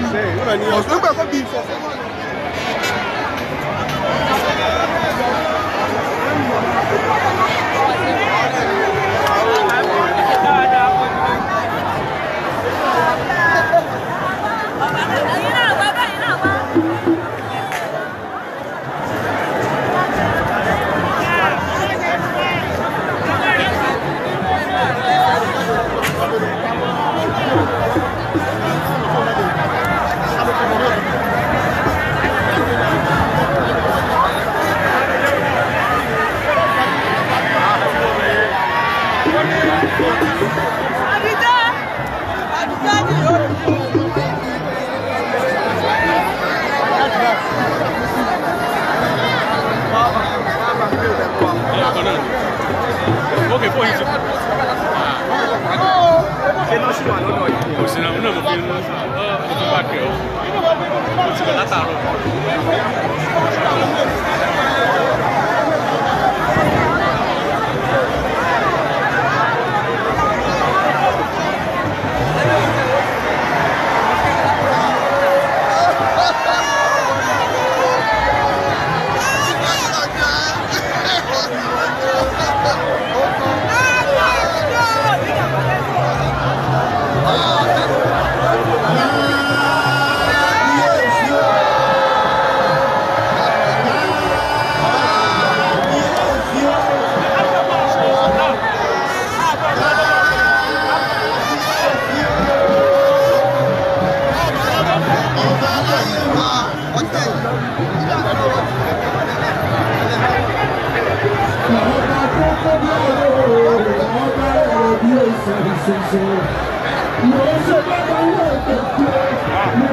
ọ̀sùn nígbà tó bí ìfọ̀fọ̀. Ou sen nou nou ki nou masan L Information Ou sen nou nou ki nou pasan Se se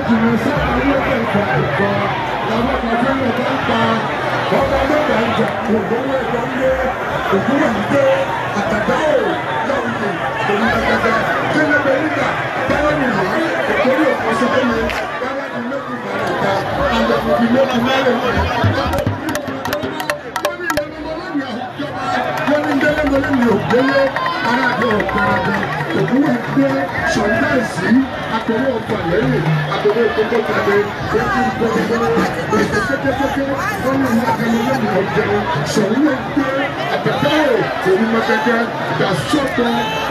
jù sára òun ẹgbẹ́ ṣọ̀dáìsì àtọwọ́ ọgbà lẹ́yìn àtọwọ́ ìkókó tàbí lẹ́tí gbọ́dọ̀gbọ́dọ̀ ètò kékeré lọ́nà ìyàgbẹ́ni lẹ́nu ọ̀jẹun ṣọ̀hún ẹgbẹ́ àtẹ̀tẹ̀wò òun mọ́tẹ́tẹ́ dàsọ́tọ̀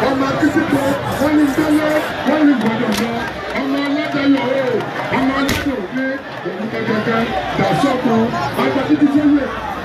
ọmọ akíkútọ̀ wọ́n ní gbẹ́lẹ́ wọ́n ní gbọ́dọ̀gbọ́ ọmọ ọlọ́dẹ̀yọ̀ ọmọ ọlọ́dẹ̀ òde òun mọ́tẹ́tẹ́ dàsọ́tọ̀ àgbàdìdì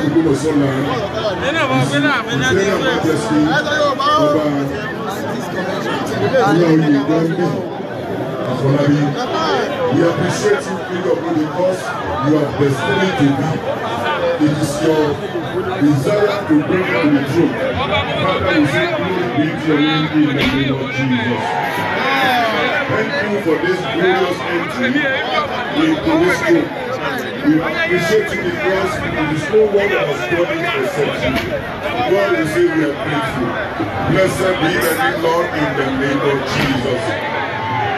we appreciate you freedom for the cause you have destined to be it is your desire to bring to the truth. father we say glory be to your name in the name of jesus thank you for this glorious entry into this school. We appreciate you because it is no one has done it except you. God, we say we are grateful. Blessed be the name, Lord, in the name of Jesus.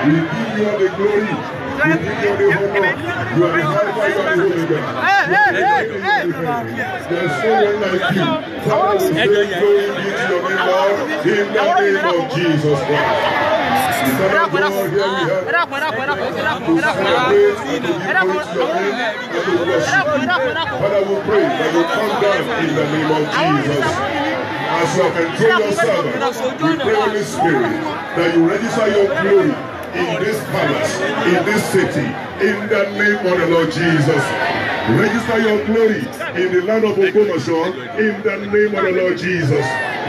We give you all the glory. We give you all the honor. You are the Alpha, you are the Omega. There is no one like you. Father, we say glory to your name, Lord, in the name of Jesus Christ ẹ̀dàkùn ẹ̀dàkùn ẹ̀dàkùn ẹ̀dàkùn ẹ̀dàkùn ẹ̀dàkùn ẹ̀dàkùn ẹ̀dàkùn ẹ̀dàkùn ẹ̀dàkùn As you control yourself, we pray, Holy Spirit, that you register your glory in this palace, in this city, in the name of the Lord Jesus. Register your glory in the land of Okomosho, in the name of the Lord Jesus.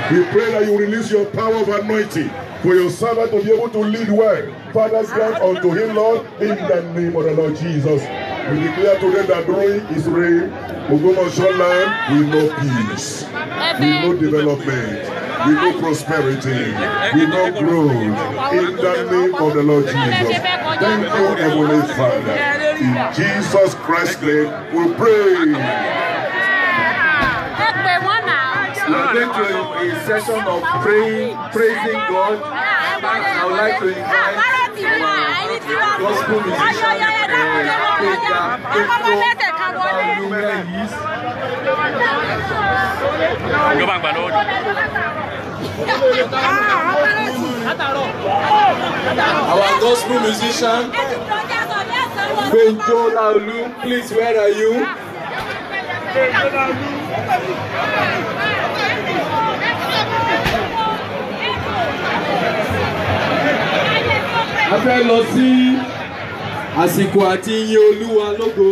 We pray that you release your power of anointing For your servant to be able to lead well? Fathers, grant unto him, Lord, in the name of the Lord Jesus. We declare today that during his reign, Ogbomoso land will no peace, will no development, will no prosperity, will no growth. In the name of the Lord Jesus. Thank you, Heavenly Father. In Jesus Christ's name, we pray. We are going to a, a session of praying, praising God. I would like to invite uh, gospel musician Peter. uh, Our gospel musician, Benjo Laulu, please, where are you? a fẹ́ lọ sí àsìkò àti iye olúwa lógo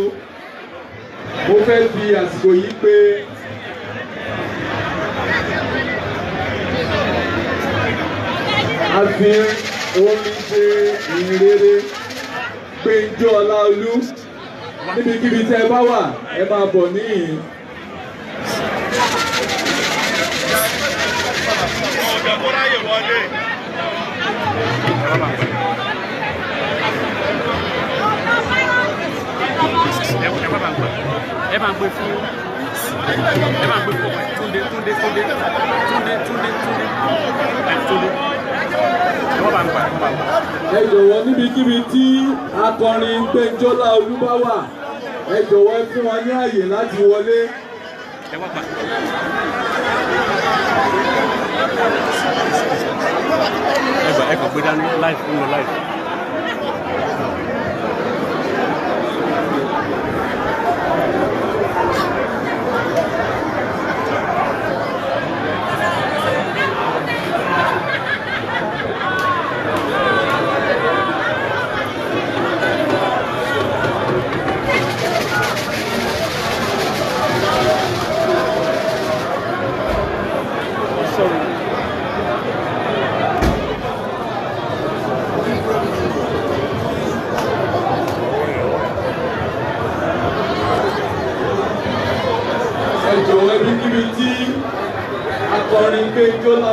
mo fẹ́ fi àsìkò yìí pé. a fi omi ṣe ìrere pé ijó ọlá olú níbikíbi tẹ ẹ bá wà ẹ máa bọ̀ níhìn. Thank you. ẹ máa gbé fún ẹ máa gbé fún túndé túndé túndé túndé túndé túndé túndé wọ́n bá ń pa ẹ̀ ẹ jọ̀wọ́ níbikíbi tí akọrin gbẹ́njọ́lá olúbáwà ẹ jọ̀wọ́ ẹ fún wa ní àyè láti wọlé. ẹ wá pa. ẹ gbà ẹ kàn gbé dání láì fún lọ láì fún.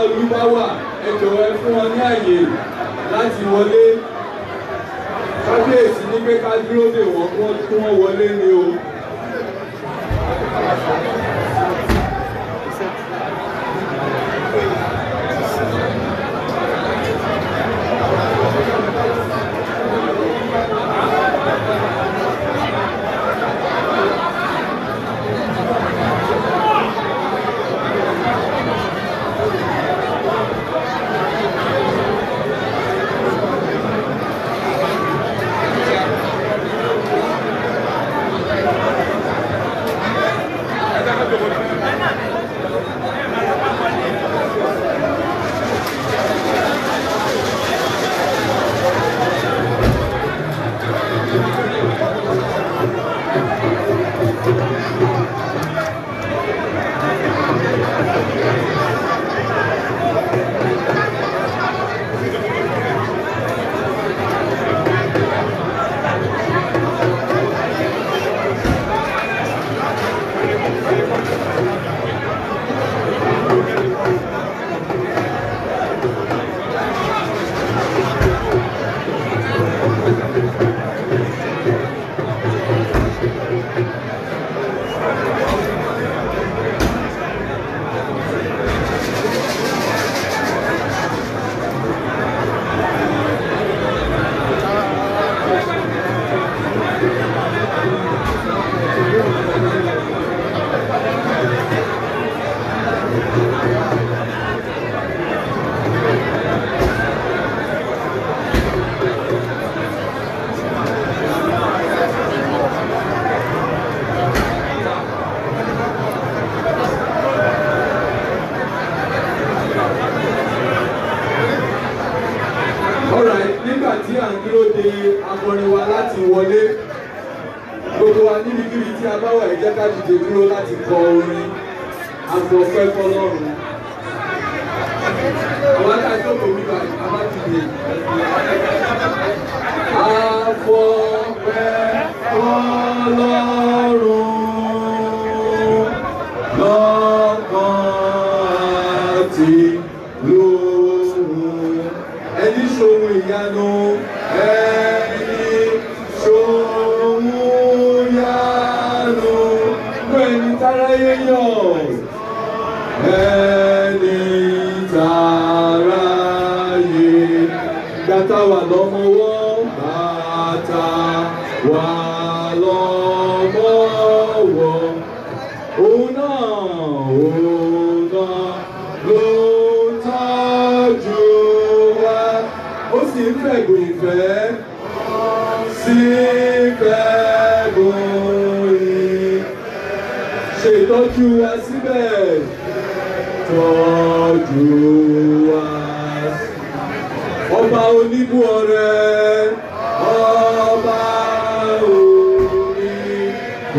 ìlú bá wà ẹ jọ̀wọ́ ẹ fún wọn ní àyè láti wọlé kábíyèsí ní pé ká dúró dè wọ́n kí wọ́n wọlé ni o.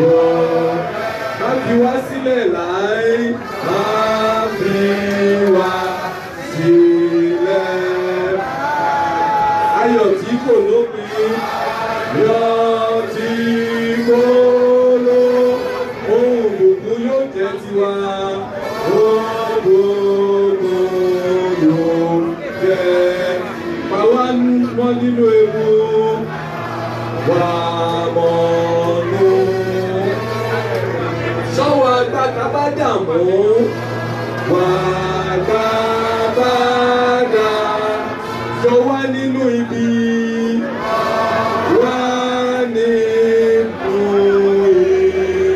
Thank you, wá sílẹ̀ láé wàgbàgbàgbà jọ wá nínú ibi wá nínú ibi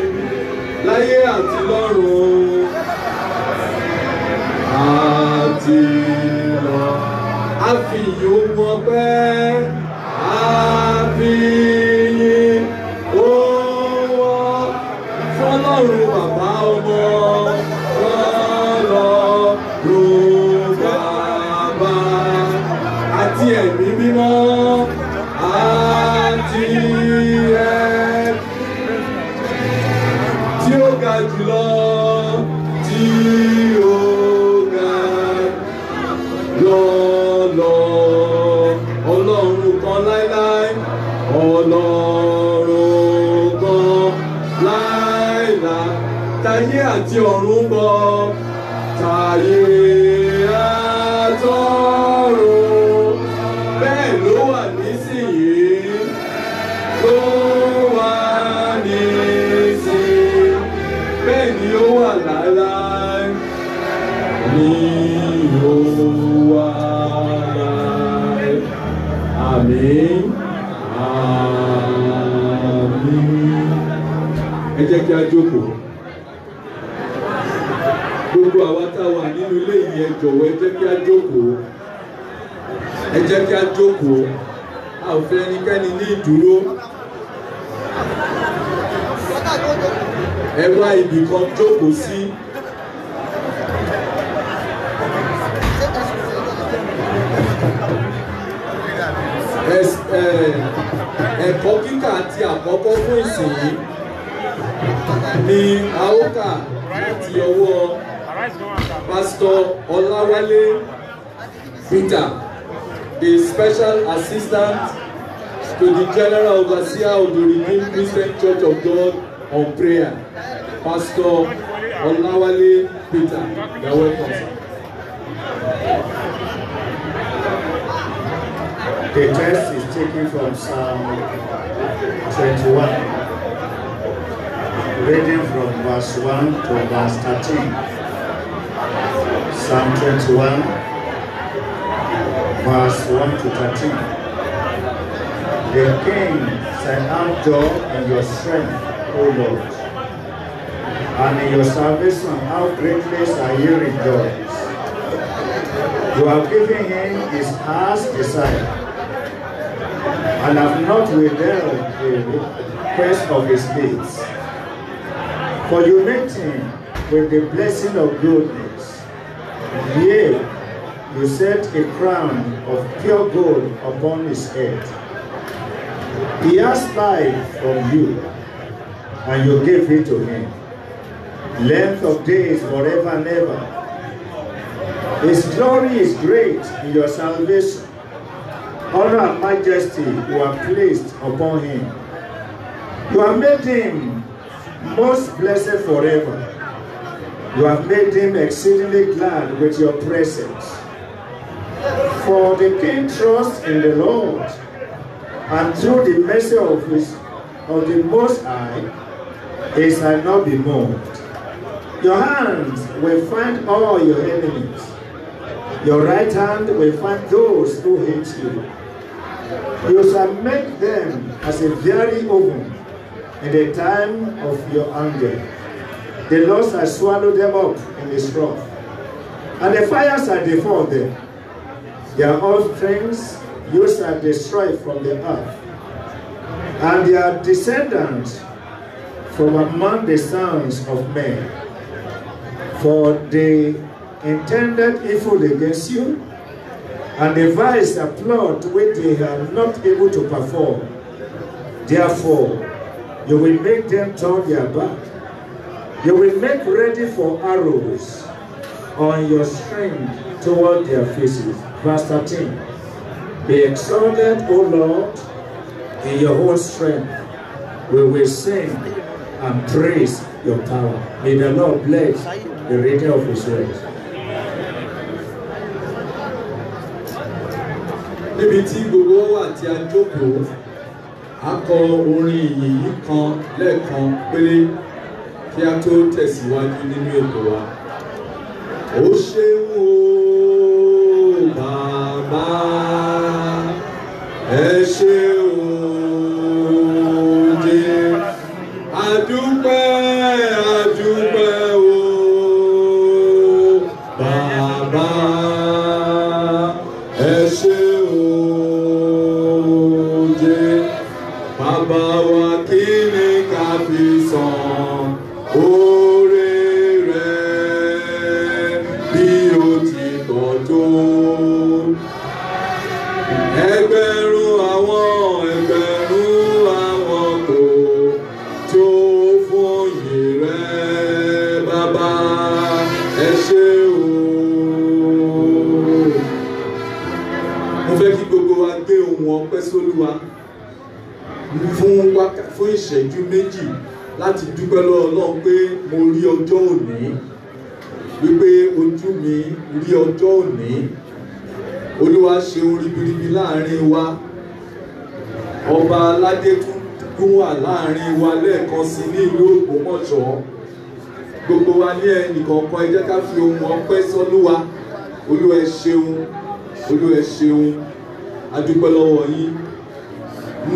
láyé àti lọ́run àti lọ a jókòó gbogbo àwa tá a wà nínú ilé yìí ẹ jọ̀wọ́ ẹ jẹ́ kí a jókòó ẹ jẹ́ kí a jókòó a ò fẹ́ ẹnikẹ́ni ní ìdúró ẹ wá ibì kan jókòó sí. ẹ̀kọ́ kíkà àti àkọ́kọ́ fún ìsìn yìí ni a ó kà láti ọwọ́ pásítọ̀ Ọláwálé Peter the special assistant to the general overseer of the Redeemed Christian Church of God on prayer Pastor Ọláwálé Peter you welcome The text is taken from Psalm 21. reading from verse 1 to verse 13. Psalm 21, verse 1 to 13. The king said, i and your strength, O Lord, and in your salvation, how greatly shall you rejoice. You have given him his heart's desire, and have not withheld the request of his deeds. For you meet him with the blessing of goodness. Yea, you set a crown of pure gold upon his head. He asked life from you, and you gave it to him. Length of days forever and ever. His glory is great in your salvation. Honor and majesty you are placed upon him. You have made him most blessed forever. You have made him exceedingly glad with your presence. For the king trusts in the Lord, and through the mercy of, his, of the Most High, he shall not be moved. Your hands will find all your enemies. Your right hand will find those who hate you. You shall make them as a very oven in the time of your anger. The Lord has swallowed them up in his wrath, and the fires are before them. Their offsprings used are destroyed from the earth, and their descendants from among the sons of men. For they intended evil against you, and devised a plot which they are not able to perform. Therefore, You will make them turn their back. You will make ready for arrows on your string toward their faces. Verse 13. Be exalted, O Lord, in your whole strength. We will sing and praise your power. May the Lord bless the reader of his words. Níbi tí gbogbo wà Akọ ń kọ orin ìyìn yìí kan lẹ́ẹ̀kan péré kí a tó tẹ̀síwájú nínú ètò wa. ó ṣeun o bàbá ẹ ṣeun. ọpẹ́ sólúwa fún wákàtí fún ìṣẹ́jú méjì láti dúpẹ́ lọ́wọ́ Ọlọ́run pé mo rí ọjọ́ òní wípé ojú mi rí ọjọ́ òní olúwa ṣe ribiribi láàrin wa ọba aládé tún wà láàrin wa lẹ́ẹ̀kan sí ní ìlú Ògbómọ̀ṣọ́ gbogbo wa ní ẹnìkọ̀ọ̀kan ẹ jẹ́ ká fi ohun ọpẹ́ sọ́lúwa olúwa ẹ ṣeun olúwa ẹ ṣeun adúpẹ́ lọ́wọ́ yín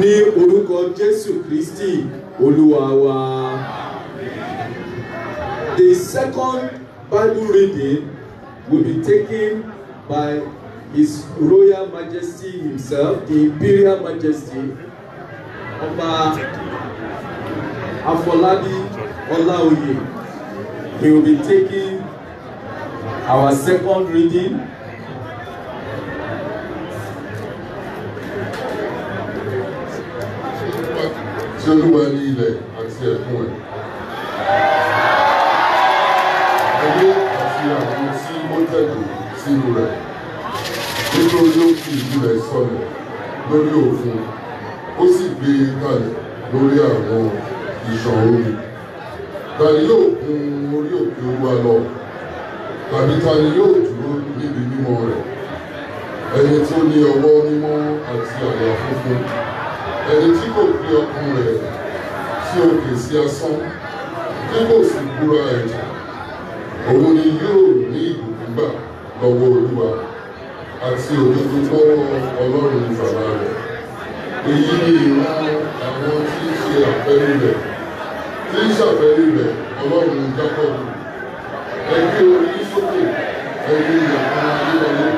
ní orúkọ Jésù Kristi Olúwa wa. The second Bible reading will be taken by His Royal Majesty himself, the Imperial Majesty, Ọba Afolabi Ọláoyè. He will be taking our second reading. àti olúwa ní ilẹ̀ àti ẹ̀kún ẹ̀. ayé àti àwọn tí ó tẹ̀dọ̀ sínú rẹ̀ nítorí ó fi ìlú rẹ̀ sọlẹ̀ lórí òfin ó sì gbé e kalẹ̀ lórí àwọn ìṣàn omi. Tani yóò gun orí òkè Olúwa lọ? Tàbí tani yóò dúró níbi mímọ́ rẹ̀? Ẹni tó ní ọwọ́ mímọ́ àti àyà funfun ẹni tí kò gbé ọkàn rẹ̀ sí òkè sí asán tí kò sì búra ẹ̀jẹ̀ òun ni yóò ní ìbùkún lọ́wọ́ olúwa àti òdodo lọ́wọ́ ọlọ́run bàbá rẹ̀ èyí ni ìran àwọn tí ń ṣe àfẹ́rí rẹ̀ tí ń ṣàfẹ́rí rẹ̀ ọlọ́run jákọ́bù ẹgbẹ́ orí sókè ẹgbẹ́ ìyàkùn ayérayé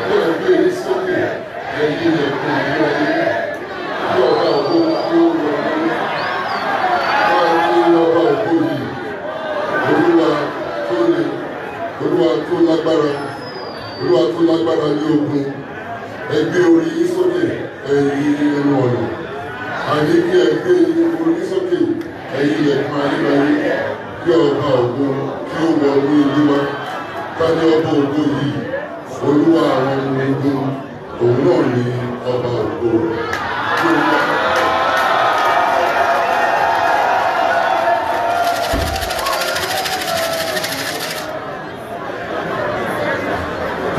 ẹgbẹ́ orí sókè ẹgbẹ́ ìyàkùn ayérayé. tó lágbára olúwa tó lágbára ní ogun ẹgbẹ́ orí yín sókè ẹ̀yìn ẹnu ọ̀nà àní kí ẹgbẹ́ orí sókè ẹ̀yìn ẹ̀kan ayérayé kí ọba ògo kí ó wọ ní ilé wa ní ọba ogo yìí olúwa àwọn ọmọ ogun òun náà ní ọba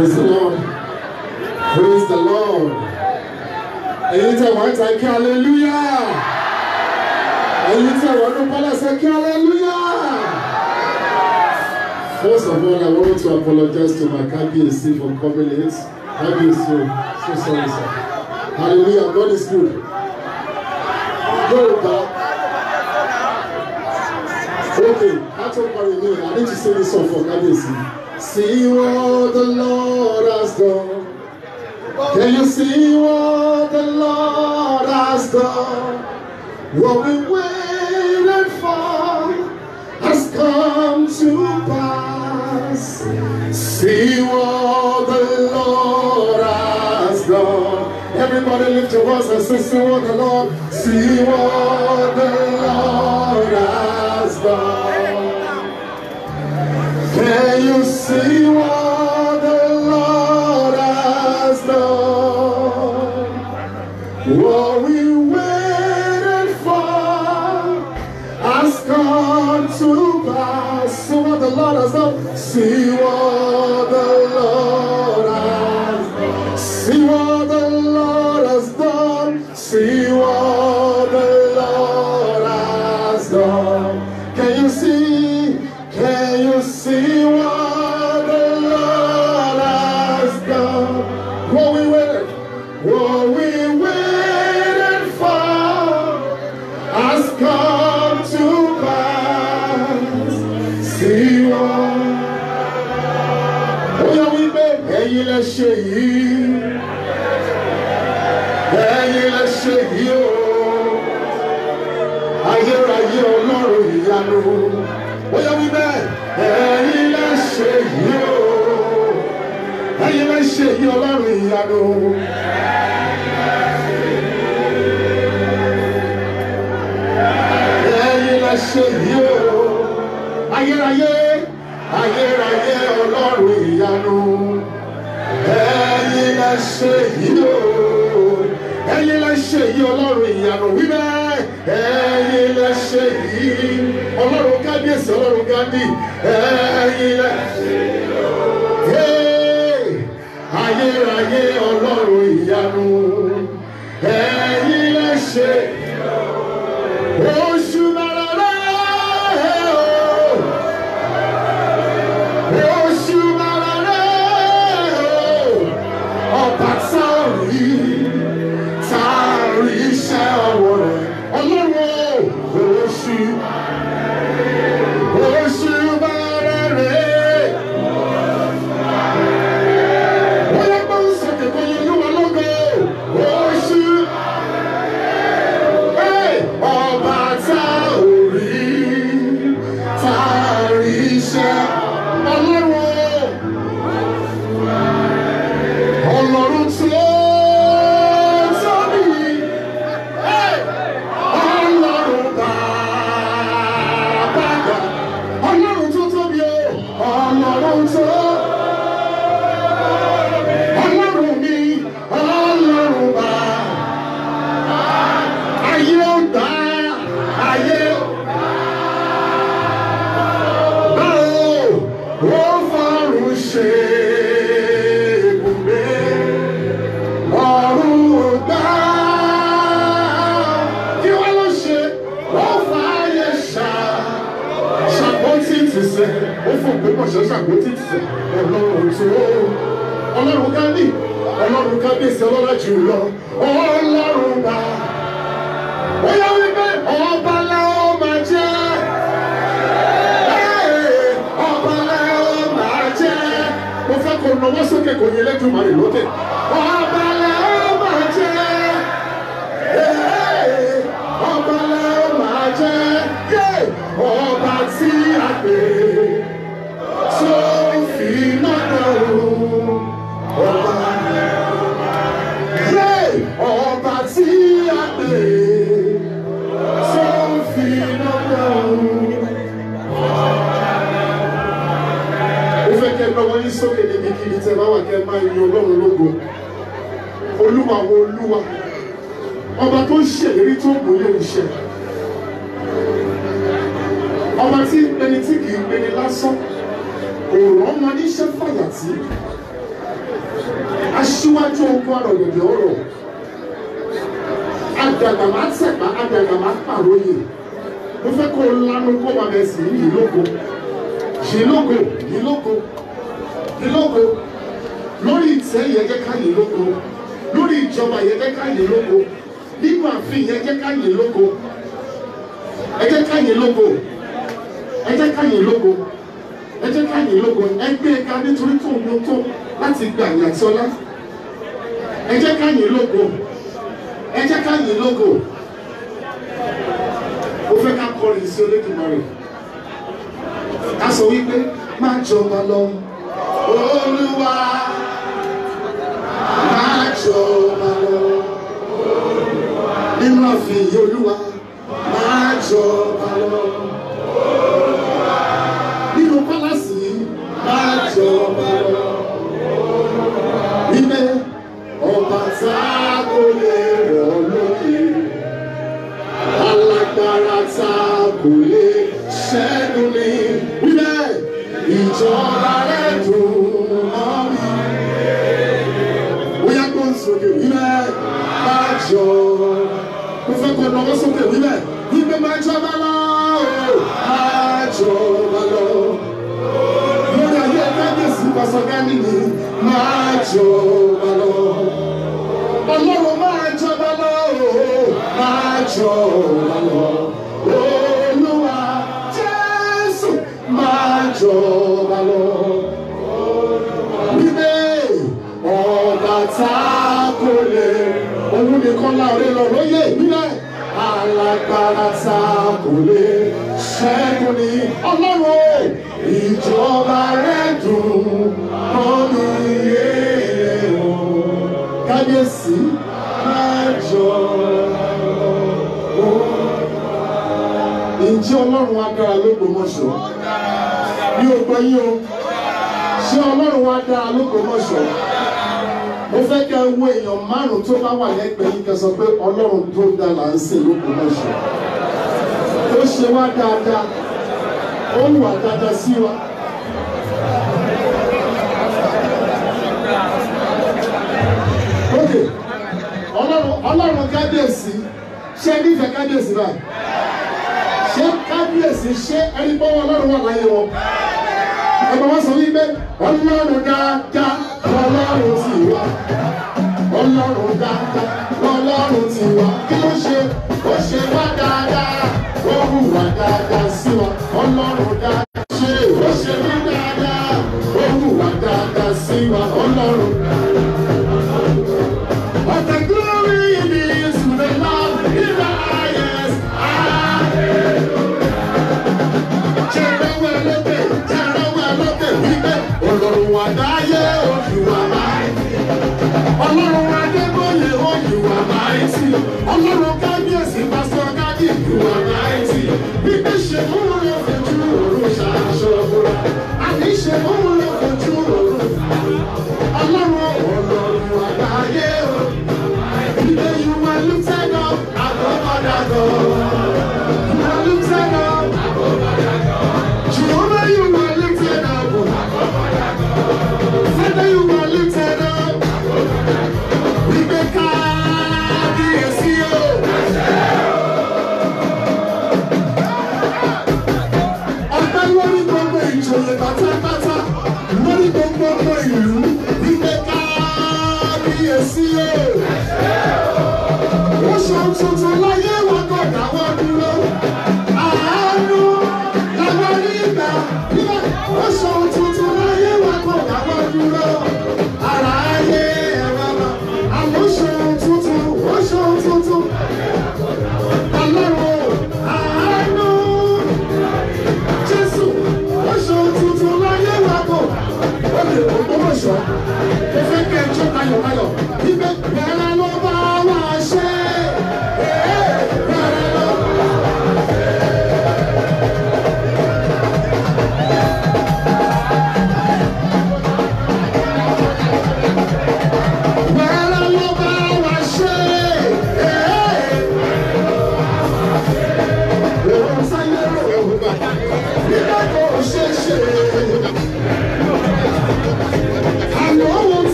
Praise the Lord. Praise the Lord. Ẹ̀yin you wọ́n ta kí hallelujah. Ẹ̀yin you wọ́n ní pálásẹ̀ kí hallelujah. First of all, I want to apologize to my Kábíyèsí for coming late. Kábíyèsí o, so so sorry sir. Hallelujah, God is good. Yorùbá. Okay, that's what I me. I need to sing this song for Kábíyèsí. see what the Lord has done? Can you see what the Lord has done? What we waited for has come to pass. See what the Lord has done. Everybody lift your voice and say, see what the Lord, see what the Lord has done. Can you See what the Lord has done. What we waited for has come to pass. See what the Lord has done. See what ṣe yìí ẹ̀yin lẹ ṣe yìí o ayérayé ọlọ́run ìyanu bóyá wí bẹ́ẹ̀ ẹ̀yin lẹ ṣe yìí o ẹ̀yin lẹ ṣe yìí ọlọ́run ìyanu. ẹ̀yin lẹ ṣe o ayérayé ayérayé ọlọ́run ìyanu ṣe yìí o ẹ̀yin lẹ ṣe yìí ọlọ́run ìyanu wíwẹ́ ẹ̀yin lẹ ṣe yìí ọlọ́run kábíyèsí ọlọ́run gandhi ẹ̀yin lẹ ṣe yìí o ayérayé ọlọ́run ìyanu ẹ̀yin lẹ ṣe yìí. nínú ààfin ìyá olúwa.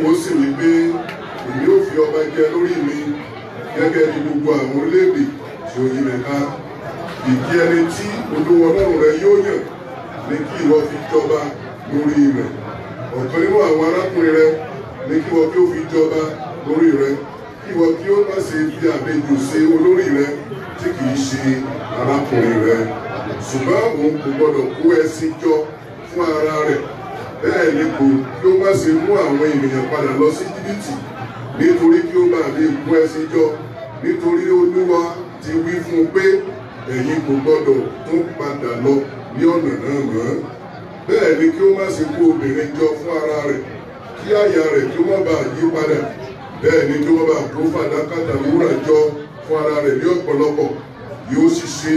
Mósè wípé èmi ò fi ọba jẹ lórí mi gẹ́gẹ́ bí gbogbo àwọn orílẹ̀-èdè tí ó yí mi ká ìdí ẹni tí olówó ọlọ́run rẹ yóò yàn ní kí ìwọ fi jọba lórí rẹ ọ̀kan nínú àwọn arákùnrin rẹ ní kí ìwọ kí ó fi jọba lórí rẹ kí ìwọ kí ó má ṣe fi àbejò ṣe olórí rẹ tí kì í ṣe arákùnrin rẹ ṣùgbọ́n òun kò gbọdọ̀ kó ẹṣin jọ fún ara rẹ̀. bẹ́ẹ̀ ni kò kí ó má ṣe mú àwọn ènìyàn padà lọ sí jìbìtì nítorí kí ó máa lè kú ẹṣin jọ nítorí olúwa ti wí fún un pé ẹ̀yin kò gbọ́dọ̀ tún padà lọ ní ọ̀nà náà mọ́ bẹ́ẹ̀ ni kí ó má ṣe kó obìnrin jọ fún ara rẹ̀ kí àyà rẹ̀ kí ó má bàa yí padà bẹ́ẹ̀ ni kí ó má bàa kó fàdákà wúrà jọ fún ara rẹ̀ ní ọ̀pọ̀lọpọ̀ yóò sì ṣe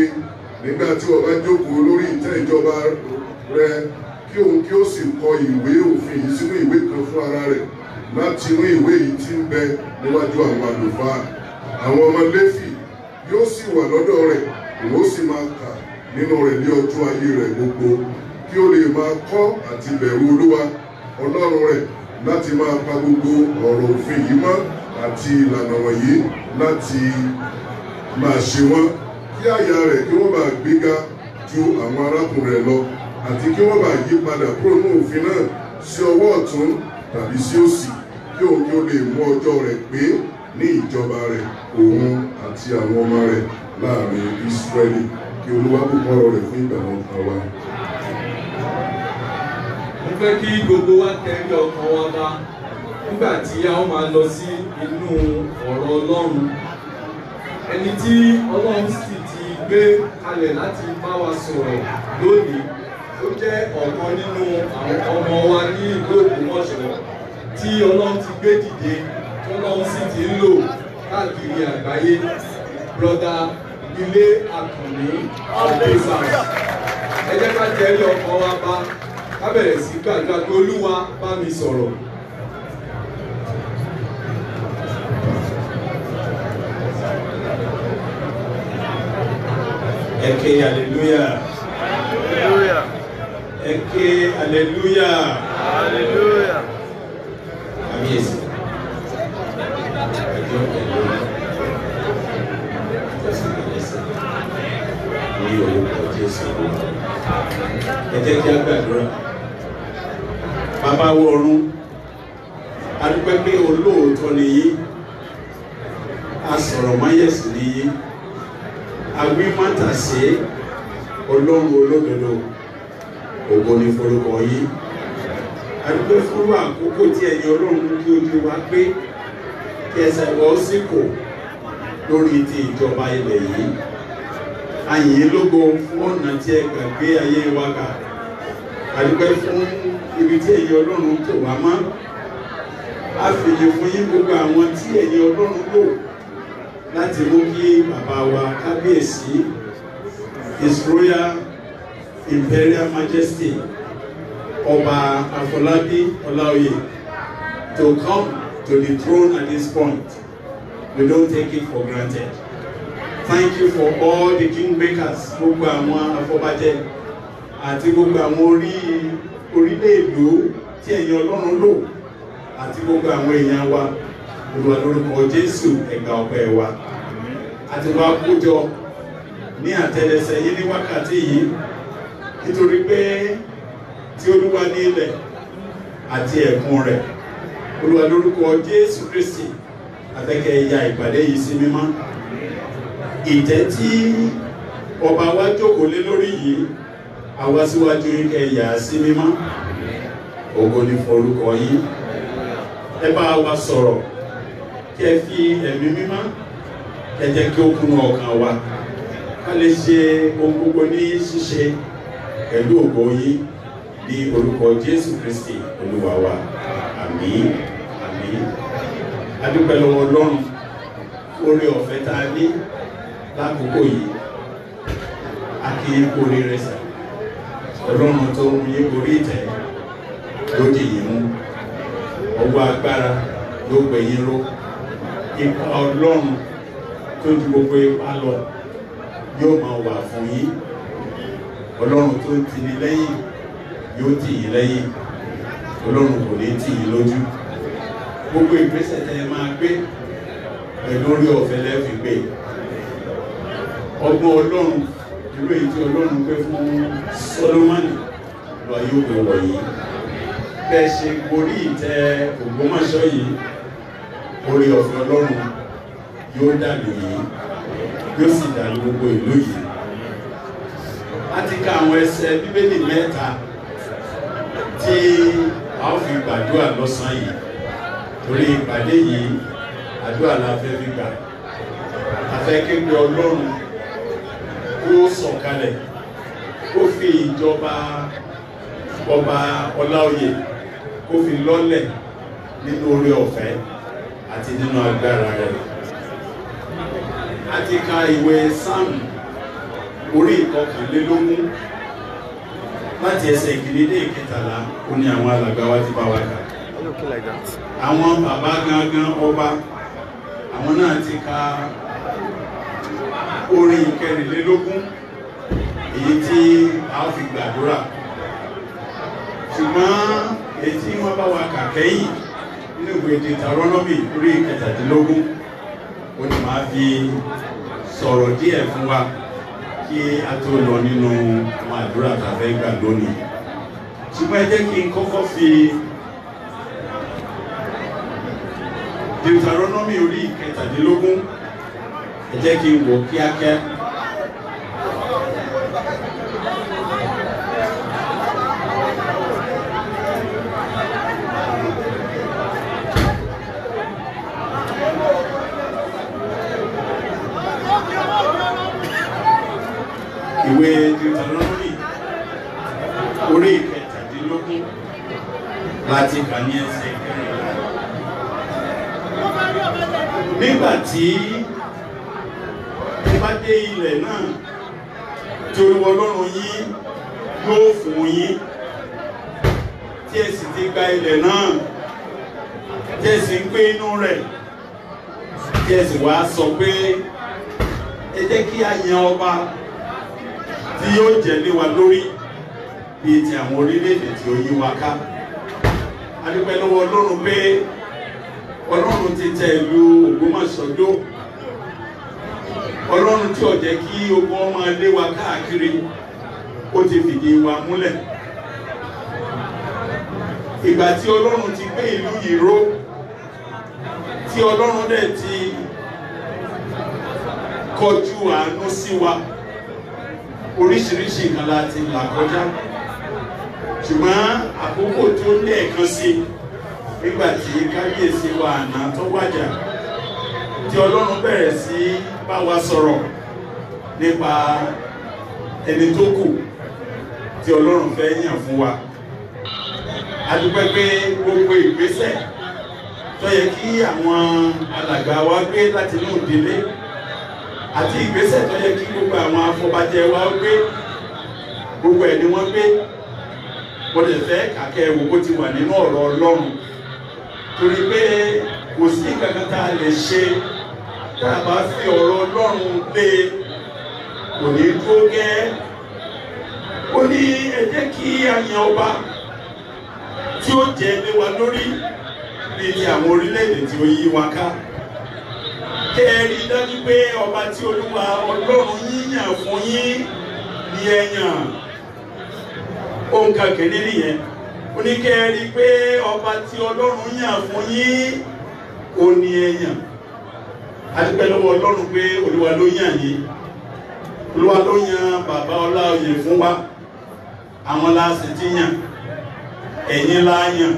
nígbà tí ó bá jókòó lórí ìtẹ́ ìjọba rẹ̀ kí òun kí ó sì kọ ìwé òfin yìí sínú ìwé kan fún ara rẹ̀ láti inú ìwé yìí ń bẹ níwájú àwọn àlùfáà àwọn ọmọ Léfì yóò sì wà lọ́dọ̀ rẹ̀ òun ó sì máa kà nínú rẹ̀ ní ọjọ́ ayé rẹ̀ gbogbo kí ó lè máa kọ́ àti bẹ̀rù Olúwa Ọlọ́run rẹ̀ láti máa pa gbogbo ọ̀rọ̀ òfin yìí mọ́ àti ìlànà wọ̀nyí láti máa ṣe wọ́n kí àyà rẹ̀ kí wọ́n àti kí wọ́n bá yí padà kúrò ní òfin náà sí ọwọ́ ọ̀tún tàbí sí òsì kí òun yóò lè mú ọjọ́ rẹ̀ pé ní ìjọba rẹ̀ òun àti àwọn ọmọ rẹ̀ láàrin Ísírẹ́lì kí Olúwa kò mọ́ ọ̀rọ̀ rẹ̀ fún ìgbà wọn kan wá. mo fẹ́ kí gbogbo wa tẹ̀lé ọkàn wa bá nígbà tí a ó máa lọ sí inú ọ̀rọ̀ Ọlọ́run ẹni tí Ọlọ́run sì ti gbé kalẹ̀ láti bá wa sọ̀rọ̀ lónìí tó jẹ́ ọ̀kan nínú àwọn ọmọ wa ní ìlú Ògbómọ̀ṣọ́ tí Ọlọ́run ti gbé dìde tọ́lọ́run sì ti ń lò káàkiri àgbáyé brọ́dà ilé àkànní ọ̀gbẹ́sà ẹ ká jẹ́ ilé ọkọ̀ wa bá ká bẹ̀rẹ̀ sí gbàdúrà pé Olúwa bá mi sọ̀rọ̀. Ẹ ké hallelujah ẹ ké aleluya aleluya kàbíyèsí ẹjọ ẹjọ ẹjọsìn kàbíyèsí ní orúkọ Jésù ẹ jẹ́ kí a gbàdúrà bàbá wọ ọ̀run a dúpẹ́ pé olóòótọ́ ni yín asọ̀rọ̀ máyẹ̀sì ni yín agbímọ̀tàsé ọlọ́run olódodo ògo ni forúkọ yìí àdúgbò fún àkókò tí ẹ̀yin ọlọ́run kí ojú wa pé kí ẹsẹ̀ wọ́ síkò lórí ti ìjọba ilẹ̀ yìí àyìn lógo fún ọ̀nà tí ẹ gbàgbé ayé wa kà àdúgbò fún ibi tí ẹ̀yin ọlọ́run tò wá mọ́ a fún yín gbogbo àwọn tí ẹ̀yin ọlọ́run lò láti mú kí bàbá wa kábíyèsí his royal imperial majesty ọba Afolabi ọláoyè to come to the throne at this point we don't take it for granted thank you for all the kingmakers gbogbo àwọn afọbajẹ àti gbogbo àwọn orí orílẹ̀-èdè tí ẹ̀yin ọlọ́run lò àti gbogbo àwọn èèyàn wa olùwà lórúkọ jésù ẹ̀gbà ọ̀pẹ wa àti wàá kójọ ní àtẹlẹsẹ̀ yìí ní wákàtí yìí nítorí pé tí olúwa ní ilẹ̀ àti ẹ̀kún rẹ̀ olúwa lórúkọ jésù kristi afẹ́kẹ́ ya ìpàdé yìí sí mímọ́ ìtẹ́ tí ọba wa jókòó lé lórí yìí àwa síwájú yìí kẹ́ yà á sí mímọ́ ògo ni forúkọ yìí ẹ bá wa sọ̀rọ̀ kẹ́ fi ẹ̀mí mímọ́ kẹ́ jẹ́ kí ó kúnnú ọkàn wa ká lè ṣe ohun gbogbo ní ṣíṣe pẹ̀lú ògo yín ní orúkọ Jésù Kristi Olúwa wa àmín àmín a dúpẹ́ lọ́wọ́ ọ̀fẹ́ tá a ní lákòókò yìí a kì í kórè rẹ̀ sàn Ọlọ́run tó ń yé gorí ìtẹ́ ló dì yín mú ọwọ́ agbára ló pè yín ró ipa Ọlọ́run tó ju gbogbo ipa lọ yóò máa wà fún yín ọlọ́run tó ti ní lẹ́yìn yóò tì yín lẹ́yìn ọlọ́run kò ní tì yín lójú gbogbo ìgbésẹ̀ tẹ́ ẹ máa gbé pẹ̀lú orí ọ̀fẹ́ lẹ́fi gbé ọgbọ́n ọlọ́run irú èyí tí ọlọ́run pé fún Sólómọ́nì lọ yóò gbé wọ̀nyí bẹ́ ṣe gorí ìtẹ́ Ògbómọ̀ṣọ́ yìí orí ọ̀fẹ́ ọlọ́run yóò dàlù yìí yóò sì dàlù gbogbo ìlú yìí a ti ka àwọn ẹsẹ̀ bíbélì mẹ́ta tí a ó fi gbàdúrà lọ́sàn-án yìí torí ìpàdé yìí àdúrà la fẹ́ fi gbà a fẹ́ kéde ọlọ́run kó sọ̀kalẹ̀ kó fi ìjọba ọba ọláòyè kó fi lọ́lẹ̀ nínú oore ọ̀fẹ́ àti nínú agbára rẹ̀ a ti ka ìwé sáàmù orí ìkọkànlélógún láti ẹsẹ̀ ìkíní dé ìkẹtàlá ó ní àwọn alàgbà wa ti bá wa kà àwọn bàbá gangan ọba àwọn náà ti ka orí ìkẹrìnlélógún èyí tí a ó fi gbàdúrà ṣùgbọ́n èyí tí wọ́n bá wa kà kẹ́yìn nínú ìwé Deuteronomy orí ìkẹtàdínlógún ó ní màá fi sọ̀rọ̀ díẹ̀ fún wa kí a tó lọ nínú àwọn àdúrà tàbẹ́ gbà lónìí ṣùgbọ́n ẹ jẹ́ kí n kọ́kọ́ fi Deuteronomy orí ìkẹtàdínlógún ẹ jẹ́ kí n wò kíákíá. ìwé Deuteronomy orí ìkẹtàdínlógún láti kà ní ẹsẹ̀ ìkẹrìnlá nígbà tí ẹ bá dé ilẹ̀ náà tí Olúwa Ọlọ́run yín yóò fún yín tí ẹ sì ti gba ilẹ̀ náà tí ẹ sì ń gbé inú rẹ̀ tí ẹ sì wá sọ pé ẹ jẹ́ kí a yan ọba tí yóò jẹ lé wa lórí bíi ti àwọn orílẹ̀-èdè tí ó yí wa ká a dúpẹ́ lọ́wọ́ ọlọ́run pé ọlọ́run ti tẹ ìlú Ògbómọ̀ṣọ́ dó ọlọ́run tí ó jẹ́ kí ogun ọmọ lé wa káàkiri ó ti fìdí wa múlẹ̀ ìgbà tí ọlọ́run ti gbé ìlú yìí ró tí ọlọ́run dẹ̀ ti kọjú àánú sí wa. Si oríṣiríṣi nǹkan la ti là kọjá ṣùgbọ́n àkókò tó lẹ́ẹ̀kan sí nígbà tí kábíyèsí wa àná tó wájà tí ọlọ́run bẹ̀rẹ̀ sí bá wa sọ̀rọ̀ nípa ẹni tó kù tí ọlọ́run fẹ́ yàn fún wa a dúpẹ́ pé gbogbo ìgbésẹ̀ tó yẹ kí àwọn alàgbà wa gbé látinú ìdílé àti ìgbésẹ̀ tó yẹ kí gbogbo àwọn afọbajẹ wa gbé gbogbo ẹ̀ ni wọ́n gbé mo lè fẹ́ kàkẹ́ wo bó ti wà nínú ọ̀rọ̀ Ọlọ́run torí pé kò sí kankan tá a lè ṣe tá a bá fi ọ̀rọ̀ Ọlọ́run lé e. kò ní dúró gẹ́ ó ní ẹ jẹ́ kí a ọba tí ó jẹ lé wa lórí bíi ti àwọn orílẹ̀-èdè tí ó yí wa ká kẹ́ ẹ rí dájú pé ọba tí olúwa ọlọ́run yíyàn fún yín ni ẹ yàn òǹkà kìíní nìyẹn ó ní kẹ́ ẹ rí pé ọba tí ọlọ́run yàn fún yín ò ní ẹ yàn adúpẹ́ lọ́wọ́ ọlọ́run pé olúwa ló yàn yín olúwa ló yan bàbá ọláòyè fún wa àwọn láti ti yàn ẹ̀yin láàyàn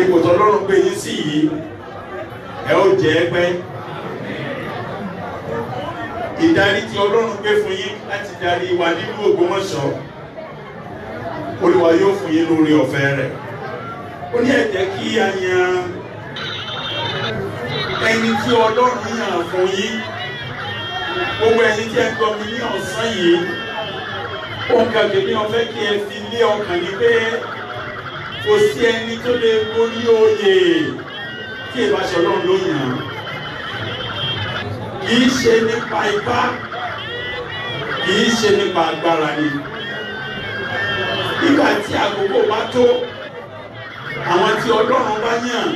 ipò tọ́lọ́run pé yín sí yìí ẹ ó jẹ́ ẹgbẹ́ ìdarí tí ọlọ́run gbé fún yín láti darí wa nínú Ògbómọ̀ṣọ́ olúwa yóò fún yín lórí ọ̀fẹ́ rẹ̀ ó ní ẹ jẹ́ kí a yan ẹni tí ọlọ́run yàn fún yín gbogbo ẹni tí ẹ gbọ́ mi ní ọ̀sán yìí ohun kàgbé ní ọ̀fẹ́ kí ẹ fi lé ọkàn ní pé kò sí ẹni tó lè borí oyè kí ìbáṣọ ọlọ́run ló yàn án kì í ṣe nípa ipá kì í ṣe nípa agbára ni nígbà tí àkókò bá tó àwọn tí ọlọ́run bá yàn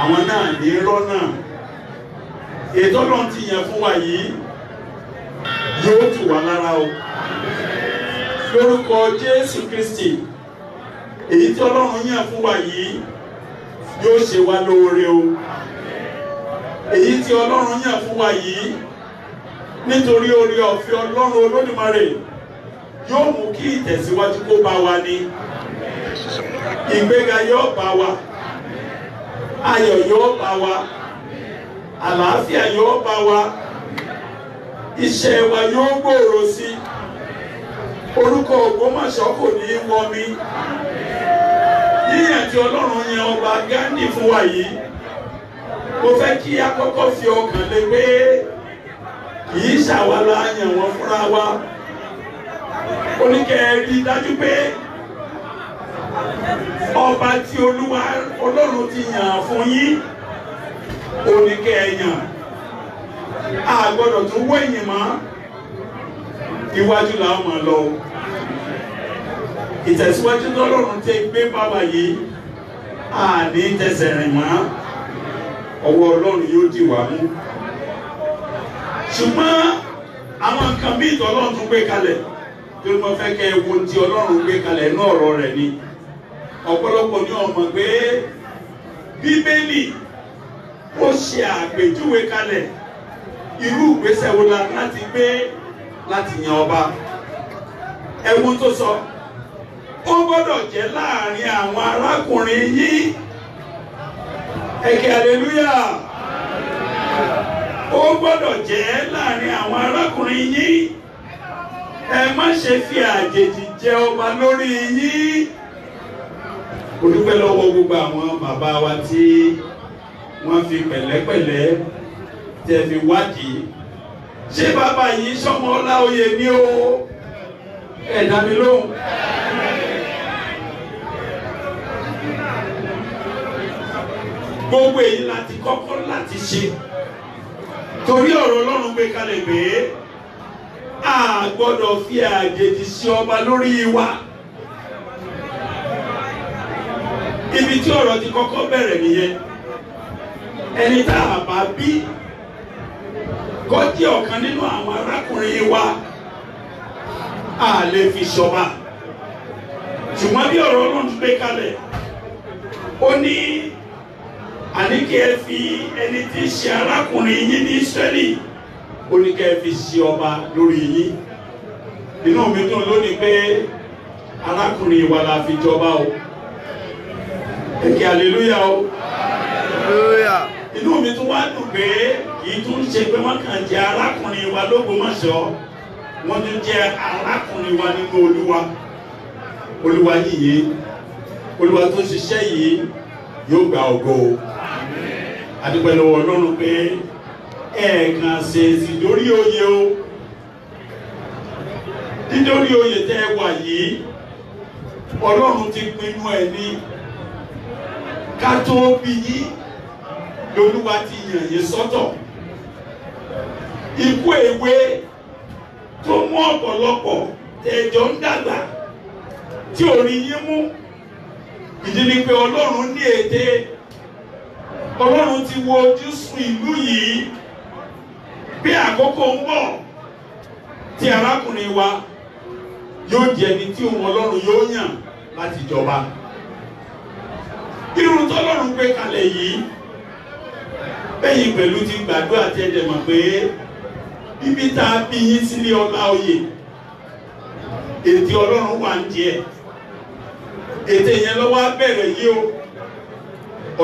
àwọn náà ní rọ́nà ètò ọlọ́run ti yàn fún wa yìí yóò tù wá lára o lórúkọ Jésù Kristi èyí tí ọlọ́run yàn fún wa yìí yóò ṣe wá lóore o. èyí tí ọlọ́run yàn fún wa yìí nítorí oore ọ̀fẹ́ ọlọ́run olódùmarè yóò mú kí ìtẹ̀síwájú kó bá wa ni. ìgbéga yóò bá wa ayọ̀ yóò bá wa àlàáfíà yóò bá wa iṣẹ́ wa yóò gbòòrò sí orúkọ Ògbómọ̀ṣọ́ kò ní í mi. yíyàn tí ọlọ́run yan ọba Ghandi fún wa yìí. mo fẹ́ kí akọ́kọ́ fi ọkàn lé pé kìí ṣàwa la yàn wọ́n fúnra wa oníkẹ́ẹ̀rí dájú pé ọba tí olúwa ọlọ́run ti yàn fún yín oníkẹ́ẹ̀yàn a gbọ́dọ̀ tún wẹ̀yìn mọ́ iwájú làwọn máa lọ ìtẹ̀síwájú tọ́lọ́run ti gbé bàbá yìí àní tẹsẹ̀ rìn mọ́ ọwọ́ ọlọ́run yóò dì wá mú ṣùgbọ́n àwọn nǹkan bíi tọ́lọ́run tún gbé kalẹ̀ tó ní mo fẹ́ kẹ́ ẹ wo ti ọlọ́run gbé kalẹ̀ inú ọ̀rọ̀ rẹ̀ ni ọ̀pọ̀lọpọ̀ ni ọmọ pé bíbélì ó ṣe àpèjúwe kalẹ̀ irú ìgbésẹ̀ wo la láti gbé láti yan ọba ẹ̀wọ̀n tó sọ ó gbọ́dọ̀ jẹ́ láàrin àwọn arákùnrin yìí ẹ̀kẹ́ aleluya ó gbọ́dọ̀ jẹ́ láàrin àwọn arákùnrin yín ẹ má ṣe fi àjèjì jẹ ọba lórí yín ó dúpẹ́ lọ́wọ́ gbogbo àwọn bàbá wa tí wọ́n fi pẹ̀lẹ́pẹ̀lẹ́ tẹ́ fi wádìí ṣé bàbá yìí sọmọ Ọláoyè ni o ẹ̀dá mi lóhùn. gbogbo èyí láti kọ́kọ́ láti ṣe torí ọ̀rọ̀ Ọlọ́run gbé kalẹ̀ pé a gbọ́dọ̀ fi àjèjì sí ọba lórí wa ibi tí ọ̀rọ̀ ti kọ́kọ́ bẹ̀rẹ̀ nìyẹn ẹni tá a bá bí kó jẹ́ ọ̀kan nínú àwọn arákùnrin wa a lè fi ṣọba ṣùgbọ́n bí ọ̀rọ̀ Ọlọ́run gbé kalẹ̀ ó ní àní kí ẹ fi ẹni tí í ṣe arákùnrin yín ní Ísírẹ́lì ó ní kí ẹ fi ṣe ọba lórí yín inú mi dùn lónìí pé arákùnrin wa la fi jọba o ẹ kí aleluya o inú mi tún wá dùn pé kì í tún ṣe pé wọ́n kàn jẹ́ arákùnrin wa lÓgbómọ̀ṣọ́ wọ́n tún jẹ́ arákùnrin wa nínú Olúwa Olúwa yìí olúwa tó ṣiṣẹ́ yìí yóò gba ògo adúpẹ́ lọ́wọ́ Ọlọ́run pé ẹ̀ẹ̀kan ṣèṣì dórí oyè o nítorí oyè tẹ́ ẹ wà yìí Ọlọ́run ti pinnu ẹ̀ ní ká tó bí yín lolúwa ti yàn yín sọ́tọ̀ ikú èwe tó mú ọ̀pọ̀lọpọ̀ tẹ̀jọ́ ń dàgbà tí ò rí yín mú ìdí ni pé ọlọ́run ní ète ọlọ́run ti wo ojú sun ìlú yìí bí àkókò ń bọ̀ tí arákùnrin wa yóò jẹ ẹni tí òun ọlọ́run yóò yàn láti jọba irun tọ́lọ́run gbé kalẹ̀ yìí bẹ́yìn pẹ̀lú ti gbàdúrà tí ẹ̀jẹ̀ mọ̀ pé bíbí tá a bí yín sílé ọlá oyè ètí ọlọ́run wà ń jẹ́ ète yẹn lọ́wọ́ á bẹ̀rẹ̀ yìí o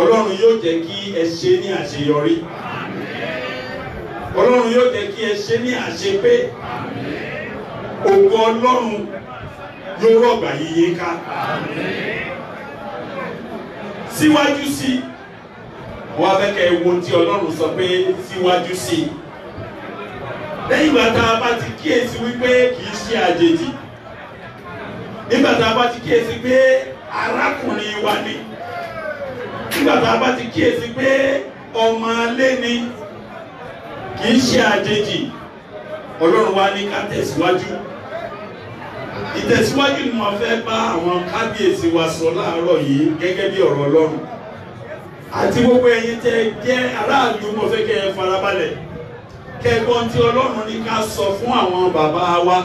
ọlọ́run yóò jẹ́ kí ẹ ṣe ní àṣeyọrí ọlọ́run yóò jẹ́ kí ẹ ṣe ní àṣepé ògo ọlọ́run yóò rọ̀gbà yíyí ká síwájú sí wọ́n á fẹ́ kẹ́ ẹ wo tí ọlọ́run sọ pé síwájú sí lẹ́yìn ìgbà tá a bá ti kíyèsí wípé kì í ṣe àjèjì nígbà tá a bá ti kíyèsí pé arákùnrin wa ni nígbà tá a bá ti kíyèsí pé ọmọ alé ni kì í ṣe àjèjì ọlọ́run wa ní ká tẹ̀síwájú ìtẹ̀síwájú ni wọ́n fẹ́ bá àwọn kábíyèsí wa sọ láàárọ̀ yìí gẹ́gẹ́ bí ọ̀rọ̀ ọlọ́run àti gbogbo ẹ̀yin tẹ́ jẹ́ aráàlú mo kẹ́ ẹ farabalẹ̀ kẹ́gbọ́n tí ọlọ́run ní ká sọ fún àwọn bàbá wa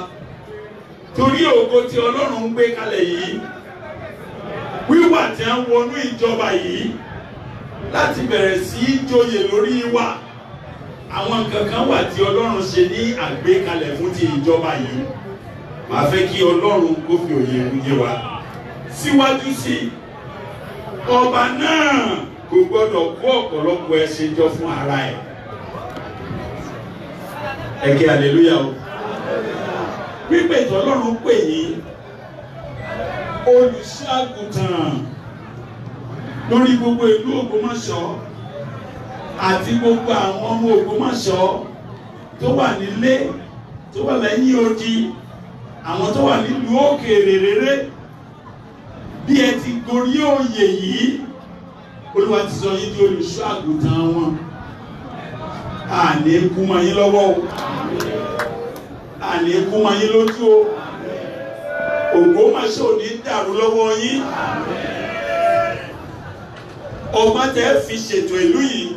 torí ògo tí ọlọ́run ń gbé kalẹ̀ yìí wíwà tí a ń wọnú ìjọba yìí láti bẹ̀rẹ̀ sí í joyè lórí wa àwọn nǹkan kan wà tí ọlọ́run ṣe ní àgbékalẹ̀ fún ti ìjọba yìí màá fẹ́ kí ọlọ́run kó fi òye yé wa síwájú sí ọba náà kò gbọ́dọ̀ kó ọ̀pọ̀lọpọ̀ ẹṣin jọ fún ara ẹ̀ ẹ̀kẹ́ hallelujah o pípé ìtọ́lọ́run pè yín olùṣàgùtàn lórí gbogbo ìlú Ògbómọ̀ṣọ́ àti gbogbo àwọn ọmọ Ògbómọ̀ṣọ́ tó wà nílé tó wà lẹ́yìn odi àwọn tó wà nílùú òkèèrè rere bí ẹ ti gorí òye yìí olúwa ti sọ yín di olùṣọ́ àgùntàn wọn àní kú mọ́ yín lọ́wọ́ o àníkú máa yín lójú o ògo máa ṣe òní dàrú lọ́wọ́ yín ọgbọ́n tẹ́ fi ṣètò ìlú yìí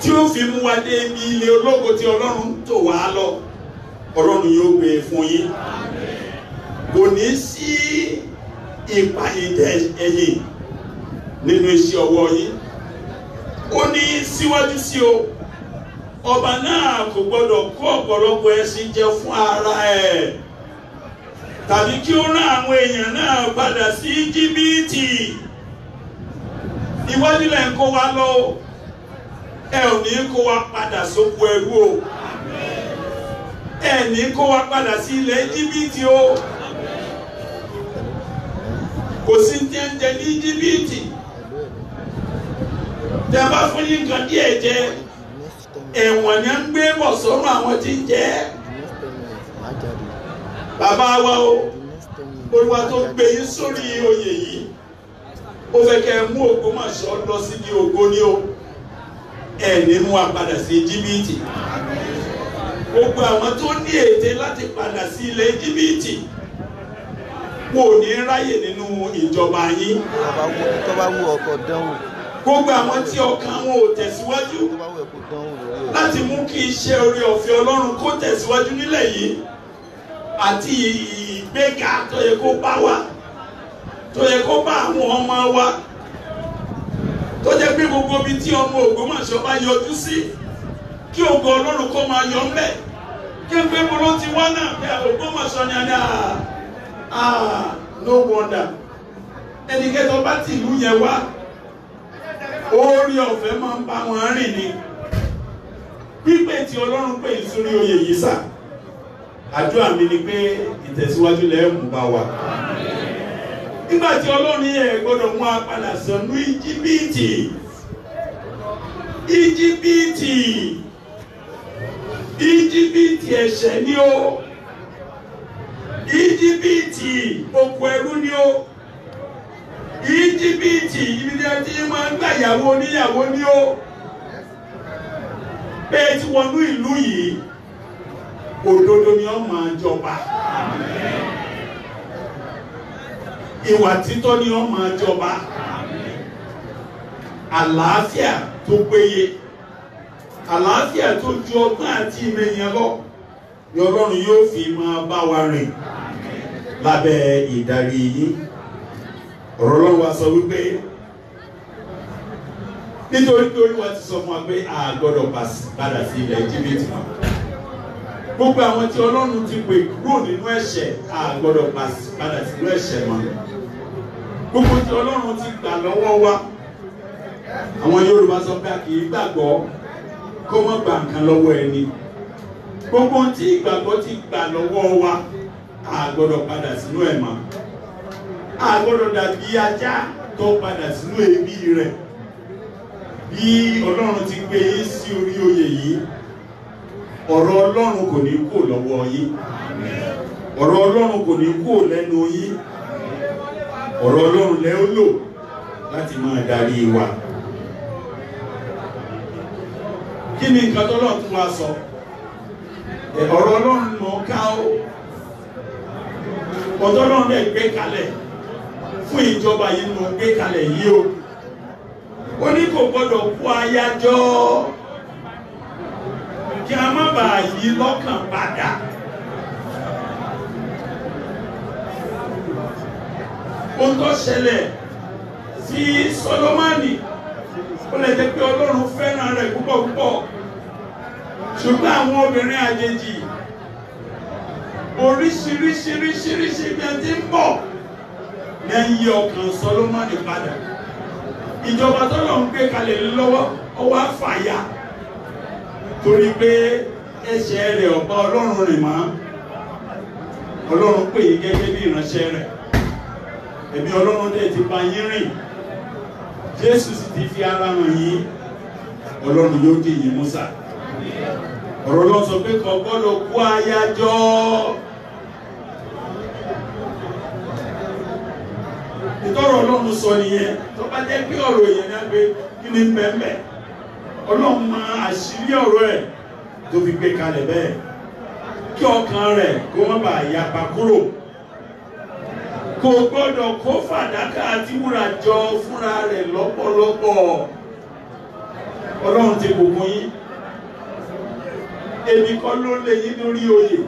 tí ó fi mú wa dé ibi ilé ológo tí ọlọ́run tò wá lọ ọlọ́run yóò gbé e fún yín kò ní sí ìpàyídẹ ẹ̀yìn nínú iṣẹ́ ọwọ́ yín ó ní síwájú sí o. Si ọba náà kò gbọdọ̀ kó ọ̀pọ̀lọpọ̀ ẹṣin jẹ fún ara ẹ̀ tàbí kí ó rán àwọn èèyàn náà padà sí jìbìtì ìwádìí lẹ́ ń kó wa lọ ẹ ò ní kó wa padà sóko ẹrú sí ilẹ̀ jìbìtì o kò sí ní ní jìbìtì tẹ bá fún yín ẹ̀wọ̀n ni ń gbé bọ̀ sọ́run àwọn tí ń jẹ́ bàbá wa o olúwa tó gbé yín sórí oyè yìí ó fẹ́ kẹ́ ẹ mú Ògbómọ̀ṣọ́ lọ sí di ògo ni o ẹ̀ nínú wa padà sí Íjíbítì gbogbo àwọn tó ní ète láti padà sí ilẹ̀ Íjíbítì kò ní ráyè nínú ìjọba yín. tó bá wù ọkọ̀ dánwò gbogbo àwọn tí ọkàn wọn ò tẹ̀síwájú láti mú kí iṣẹ́ orí ọ̀fẹ́ Ọlọ́run kó tẹ̀síwájú nílẹ̀ yìí àti ìgbéga tó yẹ kó bá wa tó yẹ kó bá àwọn ọmọ wa tó jẹ́ pé gbogbo ibi tí ọmọ Ògbómọ̀ṣọ́ bá yọjú sí kí ògo Ọlọ́run kó máa yọ ńbẹ̀ kí n pé mo ti wá náà pé Ògbómọ̀ṣọ́ ni a ní àà ah, ah, no wonder ẹnikẹ́ni tó bá tìlú yẹn wá. orí ọ̀fẹ́ máa ń bá wọn rìn ni pípé tí ọlọ́run pè é sórí oyè yìí sà àdúrà mi ni pé ìtẹ̀síwájú lẹ́ẹ̀mú bá wa nígbà tí ọlọ́run yẹ gbọ́dọ̀ mú apàdà sọ̀nù íjíbítì íjíbítì íjíbítì ẹ̀ṣẹ̀ ni ó íjíbítì oko ẹrú ni ó. íjíbítì ibi tí a ti máa ń gbàyàwó oníyàwó ni ó bẹ́ẹ̀ tí wọnú ìlú yìí òdodo ni ó máa jọba ìwà títọ́ ni ó máa jọba àlàáfíà tó péye àlàáfíà tó ju ọgbọ́n àti ìmẹ̀yìn lọ ni ọlọ́run yóò fi máa bá wa rìn lábẹ́ ìdarí yìí ọ̀rọ̀ ọlọ́run wa sọ wípé nítorí pé olúwa ti sọ fún wa pé a gbọ́dọ̀ padà sí ilẹ̀ Íjíbítì mọ́ gbogbo àwọn tí ọlọ́run ti pè kúrò nínú ẹ̀ṣẹ̀ a gbọ́dọ̀ padà sínú ẹ̀ṣẹ̀ mọ́ gbogbo tí ọlọ́run ti gbà lọ́wọ́ wa àwọn Yorùbá sọ pé a kì í gbàgbọ́ kó wọ́n gba nǹkan lọ́wọ́ ẹni gbogbo tí ìgbàgbọ́ ti gbà lọ́wọ́ wa a gbọ́dọ̀ padà sínú ẹ̀ mọ́ àgbọ́dọ̀ dàbí ajá tó padà sínú ẹbí rẹ̀ bí ọlọ́run ti gbé yín sí orí oyè yìí ọ̀rọ̀ ọlọ́run kò ní kú lọ́wọ́ yín ọ̀rọ̀ ọlọ́run kò ní kú lẹ́nu yín ọ̀rọ̀ ọlọ́run lẹ ó lò láti máa darí wa kí ni nǹkan tọ́lọ́run tún wá sọ ọ̀rọ̀ ọlọ́run mọ̀ ká ó ọ̀tọ́lọ́run lẹ gbé kalẹ̀ fún ìjọba yìí ló gbé kalẹ̀ yìí o ó ní kò gbọ́dọ̀ kó ayájọ́ kí a má bàa yí lọ́kàn padà. ohun tó ṣẹlẹ̀ sí Sólómánì ó lè jẹ́ pé Ọlọ́run fẹ́ràn rẹ̀ púpọ̀ púpọ̀ ṣùgbọ́n àwọn obìnrin àjèjì oríṣiríṣiríṣiríṣi bí ti ń bọ̀ lẹ́ ń yí ọkàn Sọlọ́mọ́nì padà ìjọba tọ́lọ̀ ń gbé kalẹ̀ lọ́wọ́ ọwọ́ àfàyà torí pé ẹsẹ̀ rẹ̀ ọ̀pá Ọlọ́run rìn mọ́ Ọlọ́run pè é gẹ́gẹ́ bí ìránṣẹ́ rẹ̀ ẹ̀mí Ọlọ́run dẹ̀ ti bá yín rìn Jésù sì ti fi ara hàn yín Ọlọ́run yóò dì yín mú sà ọ̀rọ̀ lọ sọ pé kò gbọ́dọ̀ kú ayájọ́. ìtọ́rọ̀ ọlọ́run sọ nìyẹn tó bá jẹ́ pé ọ̀rọ̀ yẹn náà pé kí ni bẹ́ẹ̀ ọlọ́run mọ àṣírí ọ̀rọ̀ ẹ̀ tó fi gbé kalẹ̀ bẹ́ẹ̀ kí ọkàn rẹ̀ kó má bàa yapa kúrò kò gbọ́dọ̀ kó fàdákà àti wúrà jọ fúnra rẹ̀ lọ́pọ̀lọpọ̀ ọlọ́run ti bùkún yín èmi kọ́ ló lé yín lórí oyè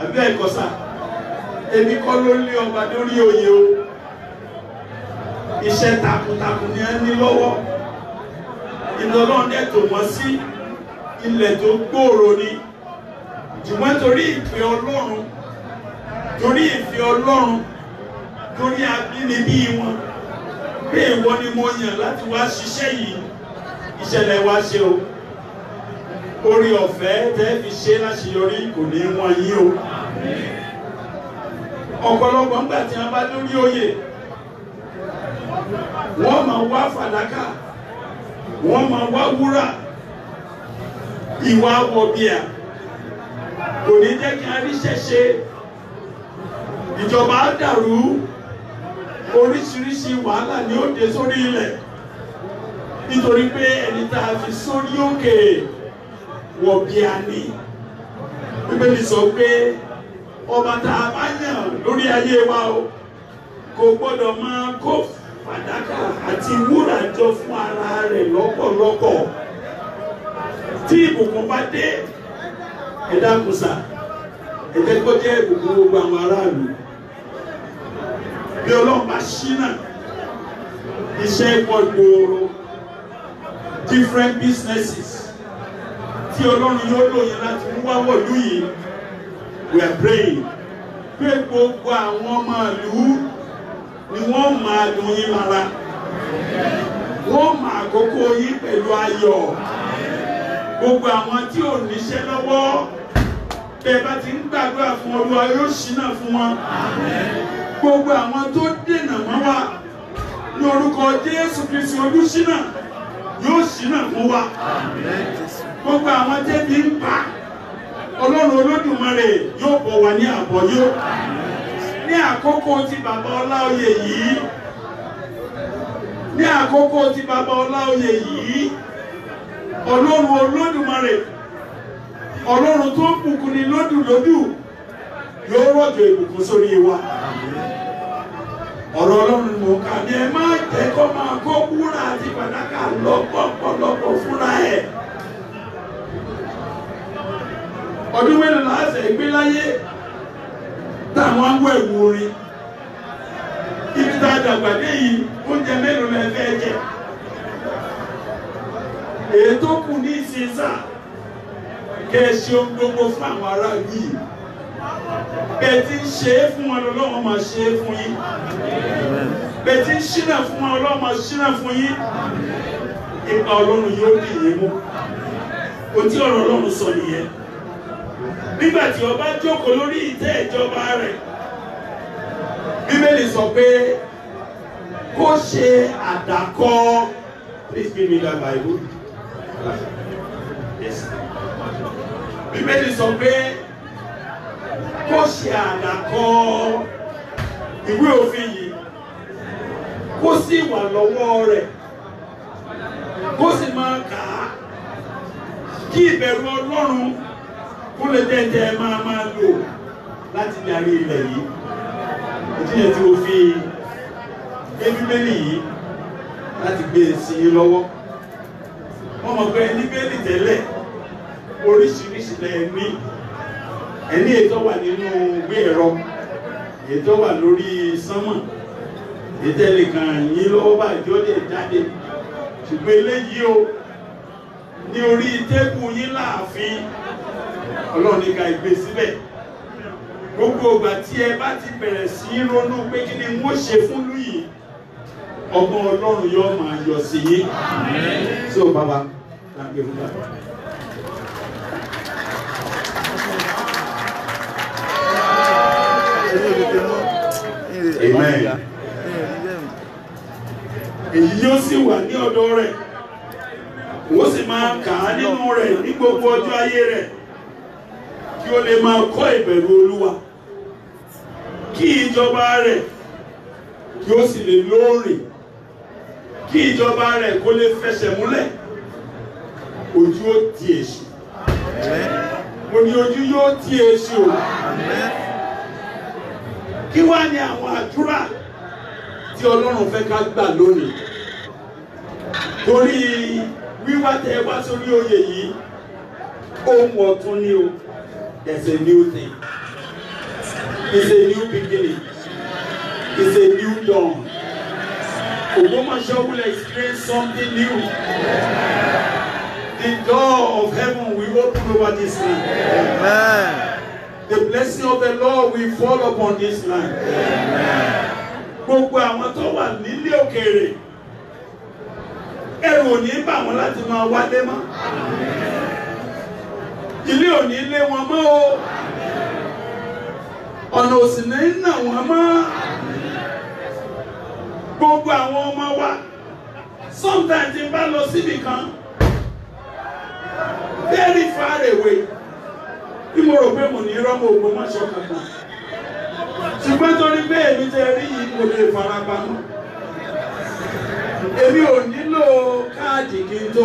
àbí ẹ̀kọ́ sà èmi kọ́ ló lé ọba lórí oyè o iṣẹ́ takuntakun ni ẹ ní lọ́wọ́ ìlọlọ́dẹ tó wọ́n sí ilẹ̀ tó gbòòrò ni ṣùgbọ́n torí ìpè ọlọ́run torí ìfẹ́ ọlọ́run torí abínibí wọn pé ìwọ ni mo yàn láti wá ṣiṣẹ́ yìí ìṣẹ̀lẹ̀ wá ṣe o orí ọ̀fẹ́ tẹ́ fi ṣe láṣeyọrí kò ní wọ́n yín o ọ̀pọ̀lọpọ̀ ńgbà tí wọ́n bá lórí oyè wọ́n máa wá fàdákà wọ́n máa wá wúrà ìwà wọ̀bìà kò ní jẹ́ kí aríṣẹ́ ṣe ìjọba á dàrú oríṣiríṣi wàhálà ni ó dé sórí ilẹ̀ nítorí pé ẹni tá a fi sórí òkè wọ̀bìà ni bíbélì sọ pé ọba tá a bá yàn lórí ayé wa o kò gbọ́dọ̀ máa kó fàdákà àti wúrà jọ fún ara rẹ̀ lọ́pọ̀lọpọ̀ tí ìbùkún bá dé ẹ̀dá kùsà ẹ̀jẹ̀ kó jẹ́ ìbùkún gbogbo àwọn aráàlú bí ọlọ́run bá ṣínà iṣẹ́ pọ̀ gbòòrò different businesses tí ọlọ́run yóò lò yẹn láti mú wá wọ̀lú we are praying pé gbogbo àwọn ọmọ ìlú. ni wọ́n máa dùn yín lára wọ́n máa àkókò yín pẹ̀lú ayọ̀ gbogbo àwọn tí ò níṣẹ́ lọ́wọ́ bẹ́ẹ̀ bá ti ń gbàdúrà fún Olúwa yóò ṣínà fún wọn gbogbo àwọn tó dènà mọ́ wa ní orúkọ Jésù Kristi olùṣínà yóò ṣínà fún wa gbogbo àwọn tẹ́bi ń pa Ọlọ́run Olódùmarè yóò bọ̀ wá ní àbọ̀ ní àkókò ti bàbá Ọláoyè yìí ní àkókò ti bàbá Ọláoyè yìí ọlọ́run olódùmarè ọlọ́run tó bùkún ni lódùlódù yóò rọ̀jò ìbùkún sórí wa ọ̀rọ̀ ọlọ́run mò ń kà ní ẹ má jẹ́ kó máa kó wúrà àti fàdákà lọ́pọ̀lọpọ̀ fúnra ẹ̀ ọdún mélòó la ṣe gbé láyé táwọn ń wọ ẹ̀wù orin ibi tá a dàgbà dé yìí oúnjẹ mélòó lẹ fẹ́ jẹ èyí tó kù ní ìsinsà kẹ ẹ ṣe ohun gbogbo fún àwọn ará yìí bẹ́ẹ̀ tí ń ṣe é fún wọn lọ́wọ́ máa ṣe é fún yín bẹ́ẹ̀ tí ń ṣínà fún wọn lọ́wọ́ máa ṣínà fún yín ipa ọlọ́run yóò dì yín mú òtí ọ̀rọ̀ ọlọ́run sọ nìyẹn nígbà tí ó bá jókòó lórí ìtẹ́ ìjọba rẹ̀ bíbélì sọ pé kó ṣe àdàkọ please give me that bible yes bíbélì sọ pé kó ṣe àdàkọ ìwé òfin yìí kó sì wà lọ́wọ́ rẹ̀ kó sì máa kà á kí ìbẹ̀rù Ọlọ́run kó lè jẹ́ jẹ́ máa máa lò láti darí ilẹ̀ yìí ìdíyẹ tí mo fi gbé bíbélì yìí láti gbé e sí i lọ́wọ́ wọ́n mọ̀ pé ní bíbélì tẹ́lẹ̀ oríṣiríṣi lẹ́ẹ̀ ní ẹni ètò wà nínú ìwé ẹ̀rọ ètò wà lórí sánmọ̀ ètò ẹnìkan yín lọ́wọ́ báyìí tí jáde ṣùgbọ́n eléyìí o ní orí tébù yín láàfin. ọlọ́run ní ká si síbẹ̀ gbogbo ọgbà tí ẹ bá ti bẹ̀rẹ̀ sí í ronú pé kí ni ṣe fún lùyìí Ọmọ ọlọ́run yóò máa yọ sí yín tí ó bàbá wà ní rẹ̀, wọ́n sì máa kà á nínú rẹ̀ ní gbogbo ọjọ́ kí ó lè máa kọ́ ìbẹ̀rù olúwa kí ìjọba rẹ̀ kí ó sì lè lóòrè kí ìjọba rẹ̀ kó lè fẹsẹ̀ múlẹ̀ ojú ó ti èṣù mo ní ojú yóò ti èṣù kí wá ní àwọn àdúrà tí ọlọ́run fẹ́ ká gbà lónìí torí wíwá tẹ wá sórí oyè yìí ohun ọ̀tun ni o there's a new thing. It's a new beginning. It's a new dawn. A woman sure will experience something new. The door of heaven will open over this land. Amen. The blessing of the Lord will fall upon this land. Amen. Gbogbo àwọn tó wà nílé òkèèrè ẹrù ò ní bà wọ́n láti máa wálé mọ́. ilé òní lé wọn mọ́ o ọ̀nà òsì ní nà ma gbogbo àwọn ọmọ wa sometimes n bá lọ síbi kan very far away bí mo rò pé mo ní rọ́mọ Ògbómọ̀ṣọ́ kankan ṣùgbọ́n torí mi jẹ́ rí yìí mo lè fara èmi ò nílò káàdì kí n tó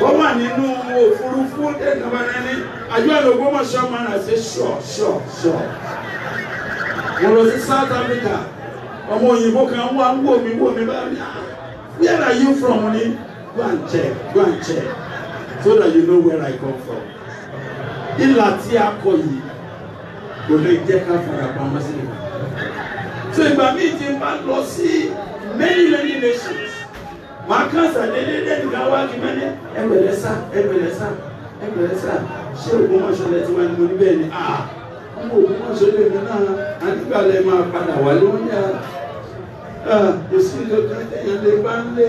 ó wà nínú òfurufú tẹ̀sán bára ní àjọ àlògbòmọ̀ṣọ́ máa rà sí ṣọ̀ ṣọ̀ ṣọ̀ mo lọ sí South Africa ọmọ òyìnbó kan wá ń wò mí wò mí bá mi ah where are you from ni go and check go and check so that you know where I come from ìlà tí a kọ yìí kò lè jẹ́ ká fara pamọ́ sí i so ìgbà míì ti máa lọ sí many many nations wàá kàn sàdédé dẹ́nìkan wá kí mẹ́lẹ́ ẹgbẹ̀rẹ̀ sá ẹgbẹ̀rẹ̀ sá ẹgbẹ̀rẹ̀ sá ṣé Ògbómọ̀ṣọ́ lẹ ti wá ní mo ní bẹ́ẹ̀ ni à ń bò Ògbómọ̀ṣọ́ lè mi náà àdìgbà lẹ máa padà wá ló ń yà kò sí ìlú kẹ́kẹ́yàn lè bá ń lè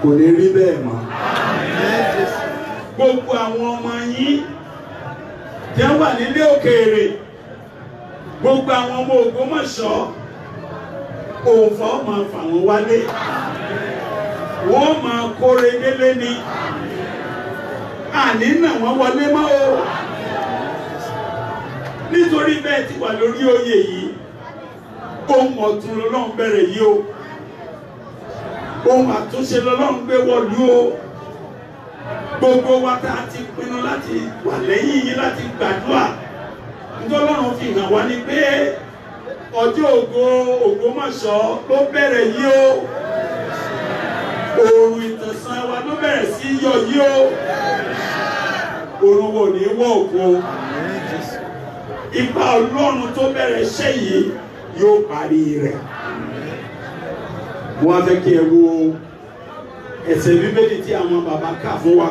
kò ní rí bẹ́ẹ̀ mọ́ gbogbo àwọn ọmọ yín jẹ́ wà nílé òkèèrè gbogbo àwọn ọmọ Ògbómọ̀ṣọ́ òǹfà ó máa fà wọ́n wálé wọ́n máa kóre délé ni àní nà wọ́n wọlé mọ́ o nítorí bẹ́ẹ̀ ti wà lórí oyè yìí ohun ọ̀tun lọ́lọ́run bẹ̀rẹ̀ yìí o ohun àtúnṣe lọ́lọ́run gbé wọ̀lú o gbogbo wa tá a ti pinnu láti wà lẹ́yìn yìí láti gbàdúrà ntọ́lọ́run fi hàn wá ni pé ọjọ́ ògo Ògbómọ̀ṣọ́ ló bẹ̀rẹ̀ yìí o oòrùn ìtànṣán wa ló bẹ̀rẹ̀ sí yọ yìí o oòrùn wo ní wọ̀ ògo ipa Ọlọ́run tó bẹ̀rẹ̀ iṣẹ́ yìí yóò parí rẹ̀ wọ́n á fẹ́ kí ẹ wo ẹsẹ̀ bíbélì tí àwọn bàbá kà fún wa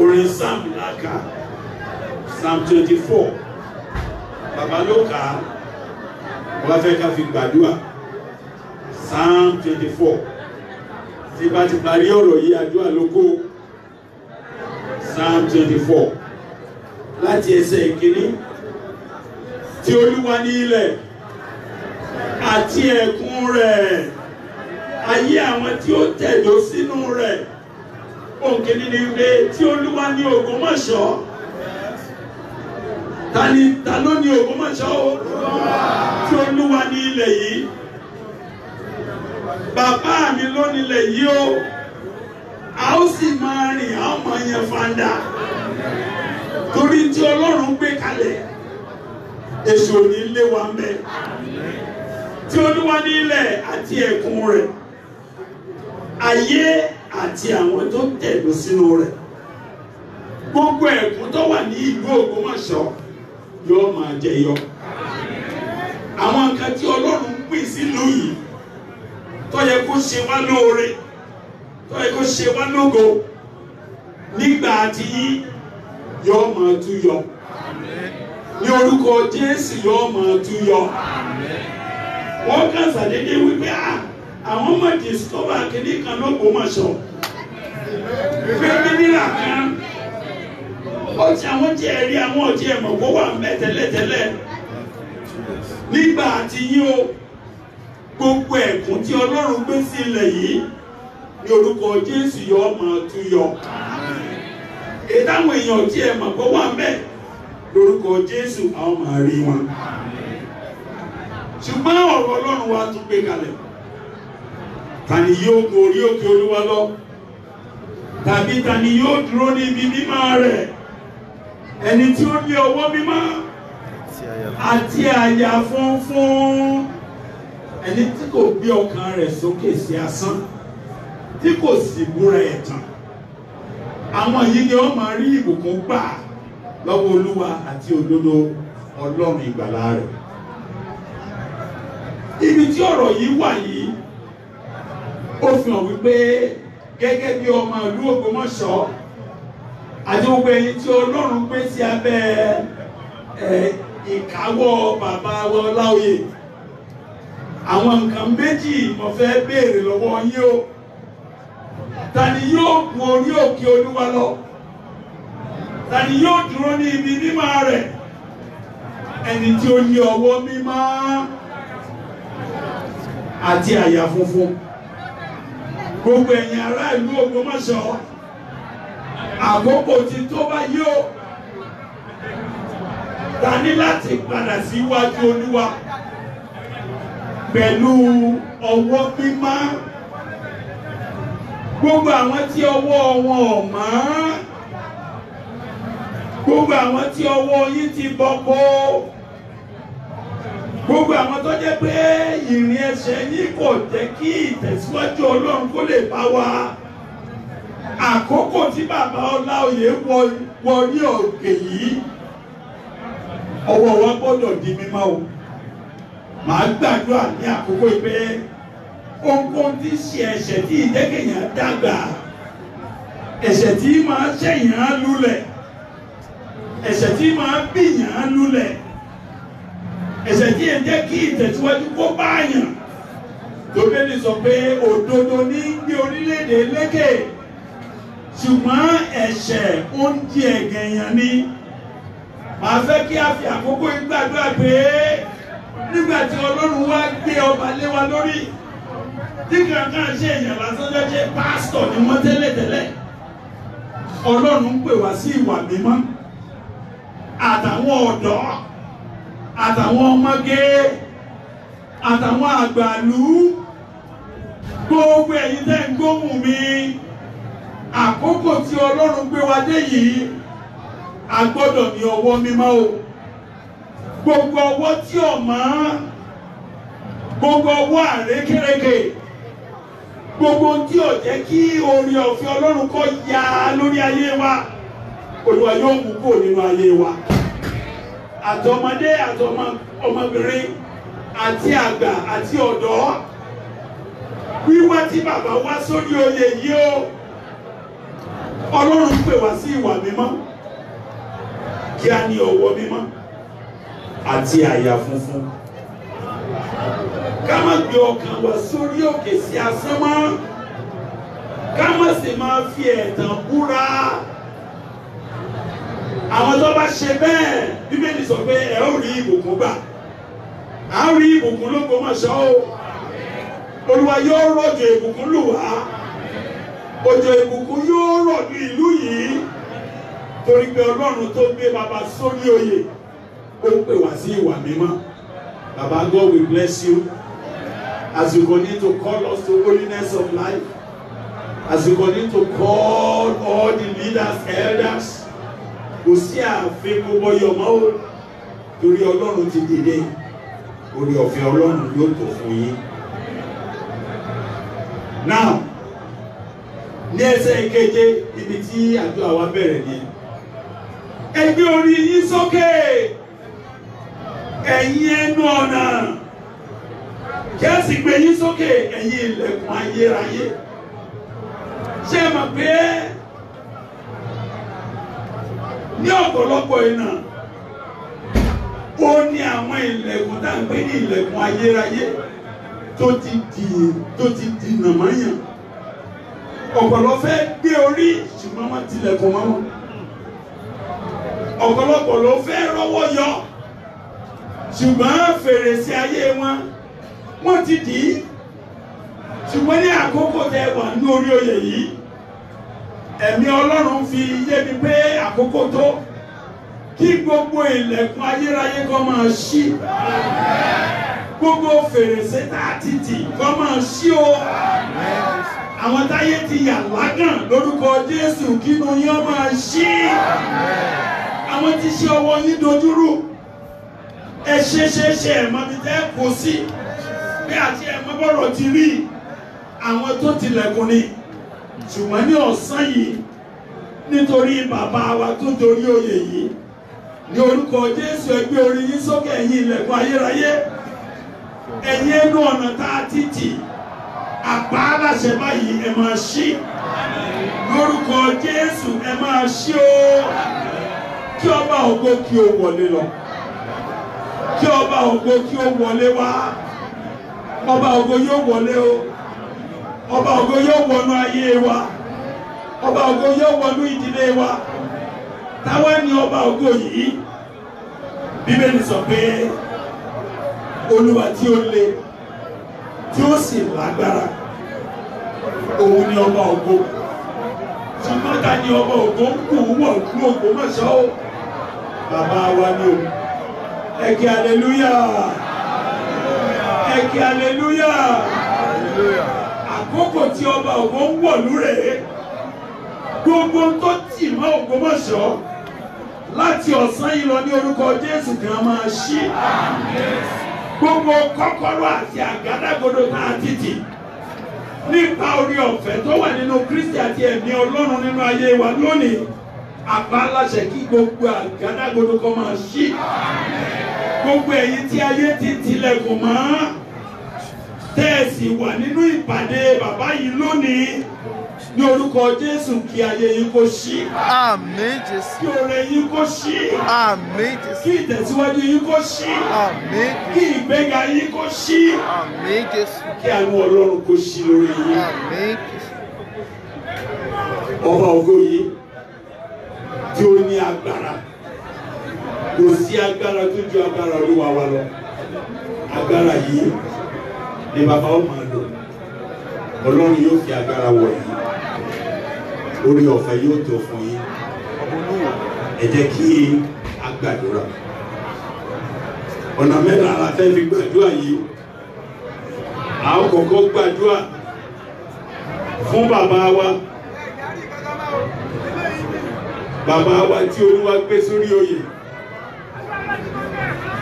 orin sam laka sam twenty four bàbá ló kà á wọ́n fẹ́ ká fi gbàdúrà psalm twenty four tí bá ti parí ọ̀rọ̀ yìí àdúrà lóko psalm twenty four láti ẹsẹ̀ ìkíní tí olúwa ní ilẹ̀ àti ẹ̀kún rẹ̀ ayé àwọn tí ó tẹ̀dó sínú rẹ̀ òǹkìní ni pé tí olúwa ní Ògbómọ̀ṣọ́ ta ni ta ló ní Ògbómọ̀ṣọ́ nílẹ̀ yìí bàbá mi ló yìí o a ó sì máa rìn a ó máa yan fanda torí tí ọlọ́run gbé kalẹ̀ èso ní ilé wa mbẹ tí olúwa ní ilẹ̀ àti ẹ̀kún rẹ̀ ayé àti àwọn tó tẹ̀lé sínú rẹ̀ gbogbo ẹ̀kún tó wà ní ìlú Ògbómọ̀ṣọ́ yóò máa jẹyọ àwọn nǹkan tí ọlọ́run ń pè sílùú yìí tó yẹ kó ṣe wá lóore tó yẹ kó ṣe wá lógo nígbà tí yọ máa tú yọ ní orúkọ jésù yọ máa tú yọ wọ́n kàn sàdédé wípé àwọn ọmọ discover kìíní kan lÓgbómọ̀ṣọ́ pé mínírà kan ó ti jẹ́ ẹ̀rí àwọn ọ̀jẹ̀ ẹ̀mọ̀ kó wà tẹ́lẹ̀tẹ́lẹ̀ nígbà àti yín o gbogbo ẹ̀kún tí ọlọ́run gbé sí ilẹ̀ yìí ní orúkọ jésù yọ ọmọ tó yọ ìdáhùn èèyàn tí ẹ mọ̀ kó wà mẹ́ lórúkọ jésù àwọn máa rí wọn ṣùgbọ́n ọ̀rọ̀ ọlọ́run wa tún gbé kalẹ̀ tani yóò gun orí òkè olúwa lọ tàbí tani yóò dúró ní ibi mímọ́ rẹ̀ ẹni tí ó ní ọwọ́ mímọ́ àti àyà funfun ẹni tí kò gbé ọkàn rẹ̀ sókè sí asán tí kò sì búra ẹ̀tàn àwọn yìí ni wọ́n máa rí ìbùkún gbà lọ́wọ́ olúwa àti òdodo ọlọ́run ìgbàlà rẹ̀ ibi tí ọ̀rọ̀ yìí wà yìí ó fi hàn wípé gẹ́gẹ́ bí ọmọ ìlú Ògbómọ̀ṣọ́ àti gbogbo ẹni tí ọlọ́run gbé sí abẹ́ ẹ̀ ìkáwọ́ bàbá wa Ọláoyè àwọn nǹkan méjì mo fẹ́ béèrè lọ́wọ́ yín o ta ni yóò gun orí òkè Olúwa lọ ta ni yóò dúró ní ibi mímọ́ rẹ̀ ẹni tí ó ní ọwọ́ mímọ́ àti àyà funfun gbogbo ẹ̀yin ará ìlú Ògbómọ̀ṣọ́ àkókò ti tó báyìí o ta ní láti padà síwájú olúwa pẹ̀lú ọwọ́ mímọ́ gbogbo àwọn tí ọwọ́ wọn ò mọ́ gbogbo àwọn tí ọwọ́ yín ti bọ́kó gbogbo àwọn tó jẹ́ pé ìrìn ẹsẹ̀ yín kò jẹ́ kí ìtẹ̀síwájú ọlọ́run kó lè bá wa àkókò tí bàbá Ọláoyè wọ ní òkè yìí ọwọ́ wa gbọ́dọ̀ di mímọ́ o màá gbàdúrà ní àkókò pé ohunkóhun tí ń ṣe ẹ̀ṣẹ̀ tí ìdẹ́kẹ̀yàn dàgbà ẹ̀ṣẹ̀ tí máa ṣẹ̀yàn lulẹ̀ ẹ̀ṣẹ̀ tí máa bìyàn lulẹ̀ ẹ̀ṣẹ̀ tí ẹ̀ jẹ́ kí ìtẹ̀síwájú kó báyàn lóbẹ́ni sọ pé òdodo ní gbé orílẹ̀-èdè lékè ṣùgbọ́n ẹ̀ṣẹ̀ ó ń di ẹ̀gẹ̀yàn ni màá fẹ́ kí a fi àkókò yìí gbàdúrà pé nígbà tí ọlọ́run wá gbé ọba lé wa lórí tí kankan ṣe èèyàn lásán jẹ́ jẹ́ pásítọ̀ ni wọ́n tẹ́lẹ̀ tẹ́lẹ̀ ọlọ́run ń pè wá sí ìwà mímọ́ àtàwọn ọ̀dọ́ àtàwọn ọmọge àtàwọn àgbàlú gbogbo ẹ̀yin tẹ́ ń gbóhùn mi àkókò tí ọlọ́run gbé wa dé yìí a gbọ́dọ̀ ní ọwọ́ mímọ́ o gbogbo ọwọ́ tí ò mọ́ gbogbo ọwọ́ àrékérekè gbogbo tí ò jẹ́ kí orin ọ̀fẹ́ Ọlọ́run kó ya lórí ayé wa Olúwa yóò mú kúrò nínú ayé wa àtọmọdé àtọmọbìnrin àti àgbà àti ọ̀dọ́ wíwá tí bàbá wá sórí oyè yìí o Ọlọ́run pè wá sí ìwà mímọ́ kí a ní ọ̀wọ́ mímọ́ àti àyà funfun ká má gbé ọkàn wa sórí òkè sí asán mọ́ ká má sì máa fi ẹ̀tàn búra àwọn tó bá ṣe bẹ́ẹ̀ bíbélì sọ pé ẹ ó rí ìbùkún gbà á rí ìbùkún lóko mọ̀ṣọ́ o olúwa yóò rọ̀jò ìbùkún lù wá òjò ìbùkún yóò rọ̀ ìlú yìí torí pé ọlọ́run tó gbé baba sórí oyè ó ń pè wá sí ìwà mímọ́ baba God will bless you as you continue to call us to holiness of life as you continue to call all the leaders elders kò sí ààfin gbogbo yọmọ o torí ọlọ́run ti dìde orí ọ̀fẹ́ ọlọ́run yóò tó fún yín now ní ẹsẹ̀ ìkeje ibi tí àjọ àwa bẹ̀rẹ̀ nìyẹn ẹ gbé orí yín sókè ẹ̀yin ẹnu ọ̀nà kí ẹ sì gbé yín sókè ẹ̀yin ilẹ̀kùn ayérayé ṣé ẹ mọ̀ pé ní ọ̀pọ̀lọpọ̀ iná ó ní àwọn ilẹ̀kùn tá à ń pè ní ilẹ̀kùn ayérayé tó ti dì tó ti dì nàmáyàn ọ̀pọ̀lọpọ̀ fẹ́ gbé orí ṣùgbọ́n wọ́n tilẹ̀kùn mọ́ wọn ọ̀pọ̀lọpọ̀ ló fẹ́ rọ́wọ́ yọ ṣùgbọ́n fèrèsé ayé wọn wọ́n ti dì í ṣùgbọ́n ní àkókò tẹ wà ní orí oyè yìí ẹ̀mí Ọlọ́run fi yé mi pé àkókò tó kí gbogbo ilẹ̀kùn ayérayé kó máa ṣí gbogbo fèrèsé tá a ti tì kó máa ṣí o àwọn táyé ti yà lágàn lórúkọ Jésù kínú yín ó máa ṣí àwọn tí ṣe ọwọ́ yín dojúrú ẹ ṣe ṣe ṣe ẹ̀ mọ́ bí tẹ́ kó sí bí àti ẹ̀ mọ́ bọ̀rọ̀ ti rí àwọn tó tilẹ̀kùn ni ṣùgbọ́n ní ọ̀sán yìí nítorí bàbá wa tó dorí oyè yìí ní orúkọ Jésù ẹ orí yín sókè ẹ̀yin ilẹ̀kùn ayérayé ẹ̀yin ẹnu ọ̀nà tá a ti tì àpá aláṣẹ báyìí ẹ máa ṣí lórúkọ Jésù ẹ máa ṣí o. Amen. kí ọba ògo kí o wọlé lọ kí ọba ògo kí o wọlé wá ọba ògo yóò wọlé o ọba ògo yóò wọnú ayé wa ọba ògo yóò wọnú ìdílé wa táwa ni ọba ògo yìí sọ pé olúwa tí ó le tí ó sì lágbára òun ọba ògo ta ọba ògo ń wọ̀ bàbá wa ni o ẹ kí aleluya ẹ kí aleluya àkókò tí ọba ògo ń wọ̀lú rèé gbogbo tó tì mọ́ Ògbómọ̀ṣọ́ láti ọ̀sán yìí lọ ní orúkọ Jésù kan máa ṣí gbogbo kọ́kọ́rọ́ àti àgádágodo tá a ti nípa orí ọ̀fẹ́ tó wà nínú Kristi àti ẹ̀mí Ọlọ́run nínú ayé wa lónìí àpá aláṣẹ kí gbogbo àgádágodo kan máa ṣí gbogbo ẹ̀yin tí ayé ti tilẹ̀kùn mọ́ tẹ́ẹ̀sì wà nínú ìpàdé bàbá yìí lónìí ní orúkọ Jésù kí ayé yín kó ṣí. àmín Jésù. kí oore yín kó ṣí. àmín Jésù. kí ìtẹ̀síwájú yín kó ṣí. àmín Jésù. kí ìgbéga yín kó ṣí. àmín Jésù. kí àánú Ọlọ́run kó ṣí lórí yín. àmín Jésù. ọba ògo yìí tí ó ní agbára kò sí agbára tó ju agbára olúwa wa lọ agbára yìí ni bàbá ó máa lò ọlọ́run yóò fi agbára wọ̀ yìí orí ọ̀fẹ́ yóò tó fún yín ẹ jẹ́ kí a gbàdúrà ọ̀nà mẹ́ta la fẹ́ fi gbàdúrà yìí a ó kọ́kọ́ gbàdúrà fún bàbá wa bàbá wa tí olúwa gbé sórí oyè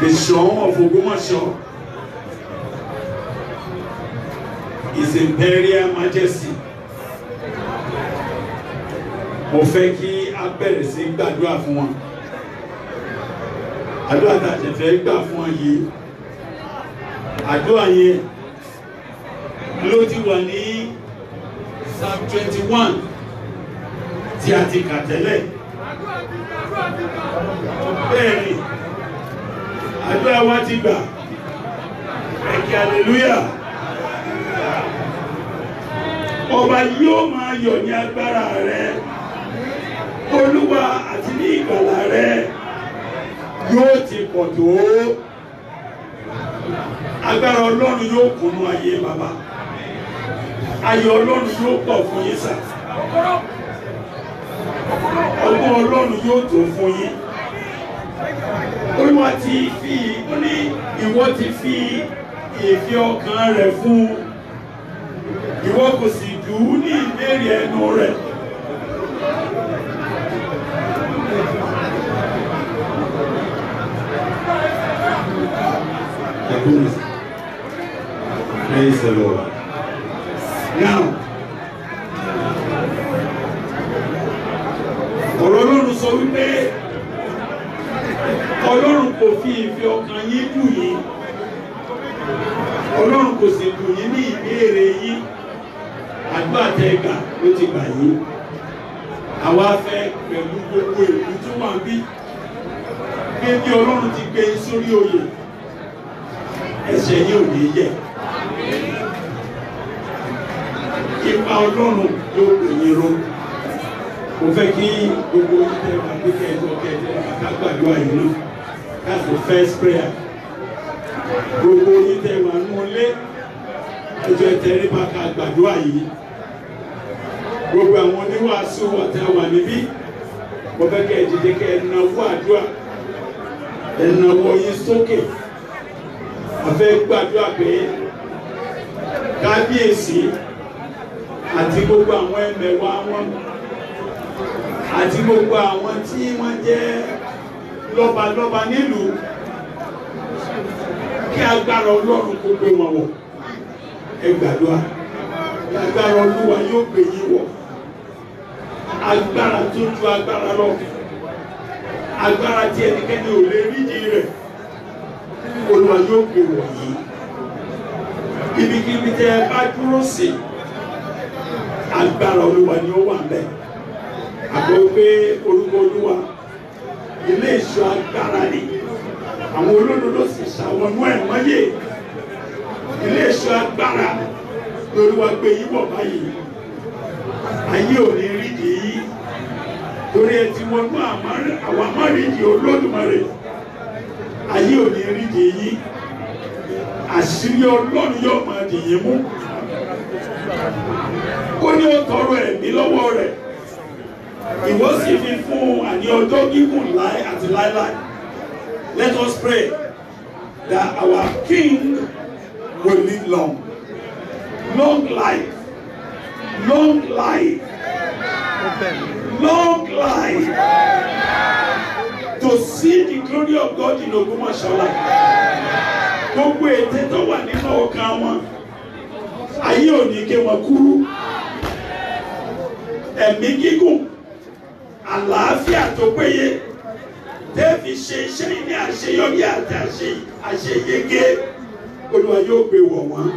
the Ṣọ̀ún of imperial majesty mo fẹ́ kí a bẹ̀rẹ̀ sí gbàdúrà fún wọn àdúrà tá a ṣe fẹ́ gbà fún wọn yìí àdúrà yẹn ló ti wà ní psalm twenty one tí a ti kà tẹ́lẹ̀ bẹ́ẹ̀ni àdúrà wa ti gbà ẹ̀kẹ́ aleluya ọba yóò máa yọ̀ ní agbára rẹ olúwa àti ní ìgbàlà rẹ yóò ti pọ̀ tó agbára ọlọ́run yóò kúnú ayé bàbá ayọ̀ ọlọ́run yóò pọ̀ fún yín sà ọgbọ́n ọlọ́run yóò tó fún yín olúwa ti fi ó ní ìwọ ti fi ìfi ọkàn rẹ̀ fún ìwọ kò sì dùn ún ní ìbéèrè ẹnu rẹ̀. Praise the Lord. Now, ọ̀rọ̀ ọlọ́run sọ wípé ọlọ́run kò fi ìfẹ́ ọkàn yín bù yín ọlọ́run kò sì bù yín ní ìbéèrè yín àdúrà ló ti gbà yín àwa fẹ́ pẹ̀lú gbogbo ìlú tó wà bí bí ọlọ́run ti gbé mo fẹ́ kí gbogbo oníṣẹ́ wa gbé kẹ́ẹ̀jọ́ kẹ́ẹ̀jọ́ bàtà gbàdúrà yìí náà that's the first prayer gbogbo oníṣẹ́ wa ń wọlé ẹjọ́ ìtẹ̀rí bàtà gbàdúrà yìí gbogbo àwọn oníwàásù ọ̀tá wà níbí mo fẹ́ kẹ́ ẹ dìde kẹ́ ẹ náwó àdúrà ẹ náwó yín sókè àfẹ́ gbàdúrà pé kábíyèsí àti gbogbo àwọn ẹ̀mẹ̀wá wọn. àti gbogbo àwọn tí wọ́n jẹ́ lọ́balọ́ba nílùú kí agbára ọlọ́run kó gbé wọn wọ̀ ẹ gbàdúrà agbára olúwa yóò gbé yín wọ̀ agbára tó ju agbára lọ agbára tí ẹnikẹ́ni ò lè ríjì rẹ̀ olúwa yóò gbé ibikíbi ẹ bá dúró sí agbára olúwa ni ó wà àti wípé orúkọ olúwa ilé ìṣọ́ agbára ni àwọn olódodo sì ṣàwọnú ẹ̀ mọ́yé ilé ìṣọ́ agbára lóríwá gbé yí bọ̀ báyìí ayé ò ní rí di yí torí ẹ ti wọnú àwọn amárìndì olódùmarè ayé ò ní rí di yí àṣírí ọlọ́run yóò máa dìyín mú ó ní ó tọrọ ẹ̀mí lọ́wọ́ rẹ̀ ìwọ sì fi fún un àní ọjọ́ gígùn láé àti láéláé let us pray that our king will live long long life long life long life to see the glory of God in Ògbómọ̀ṣọ́lá gbogbo ète tó wà nínú ọkàn wọn ayé òní ké kúrú ẹ̀mí gígùn àlàáfíà tó péye tẹ́ẹ̀fì ṣe iṣẹ́ ilé àṣeyọrí àti àṣeyege olúwa yóò gbé wọ̀ wọ́n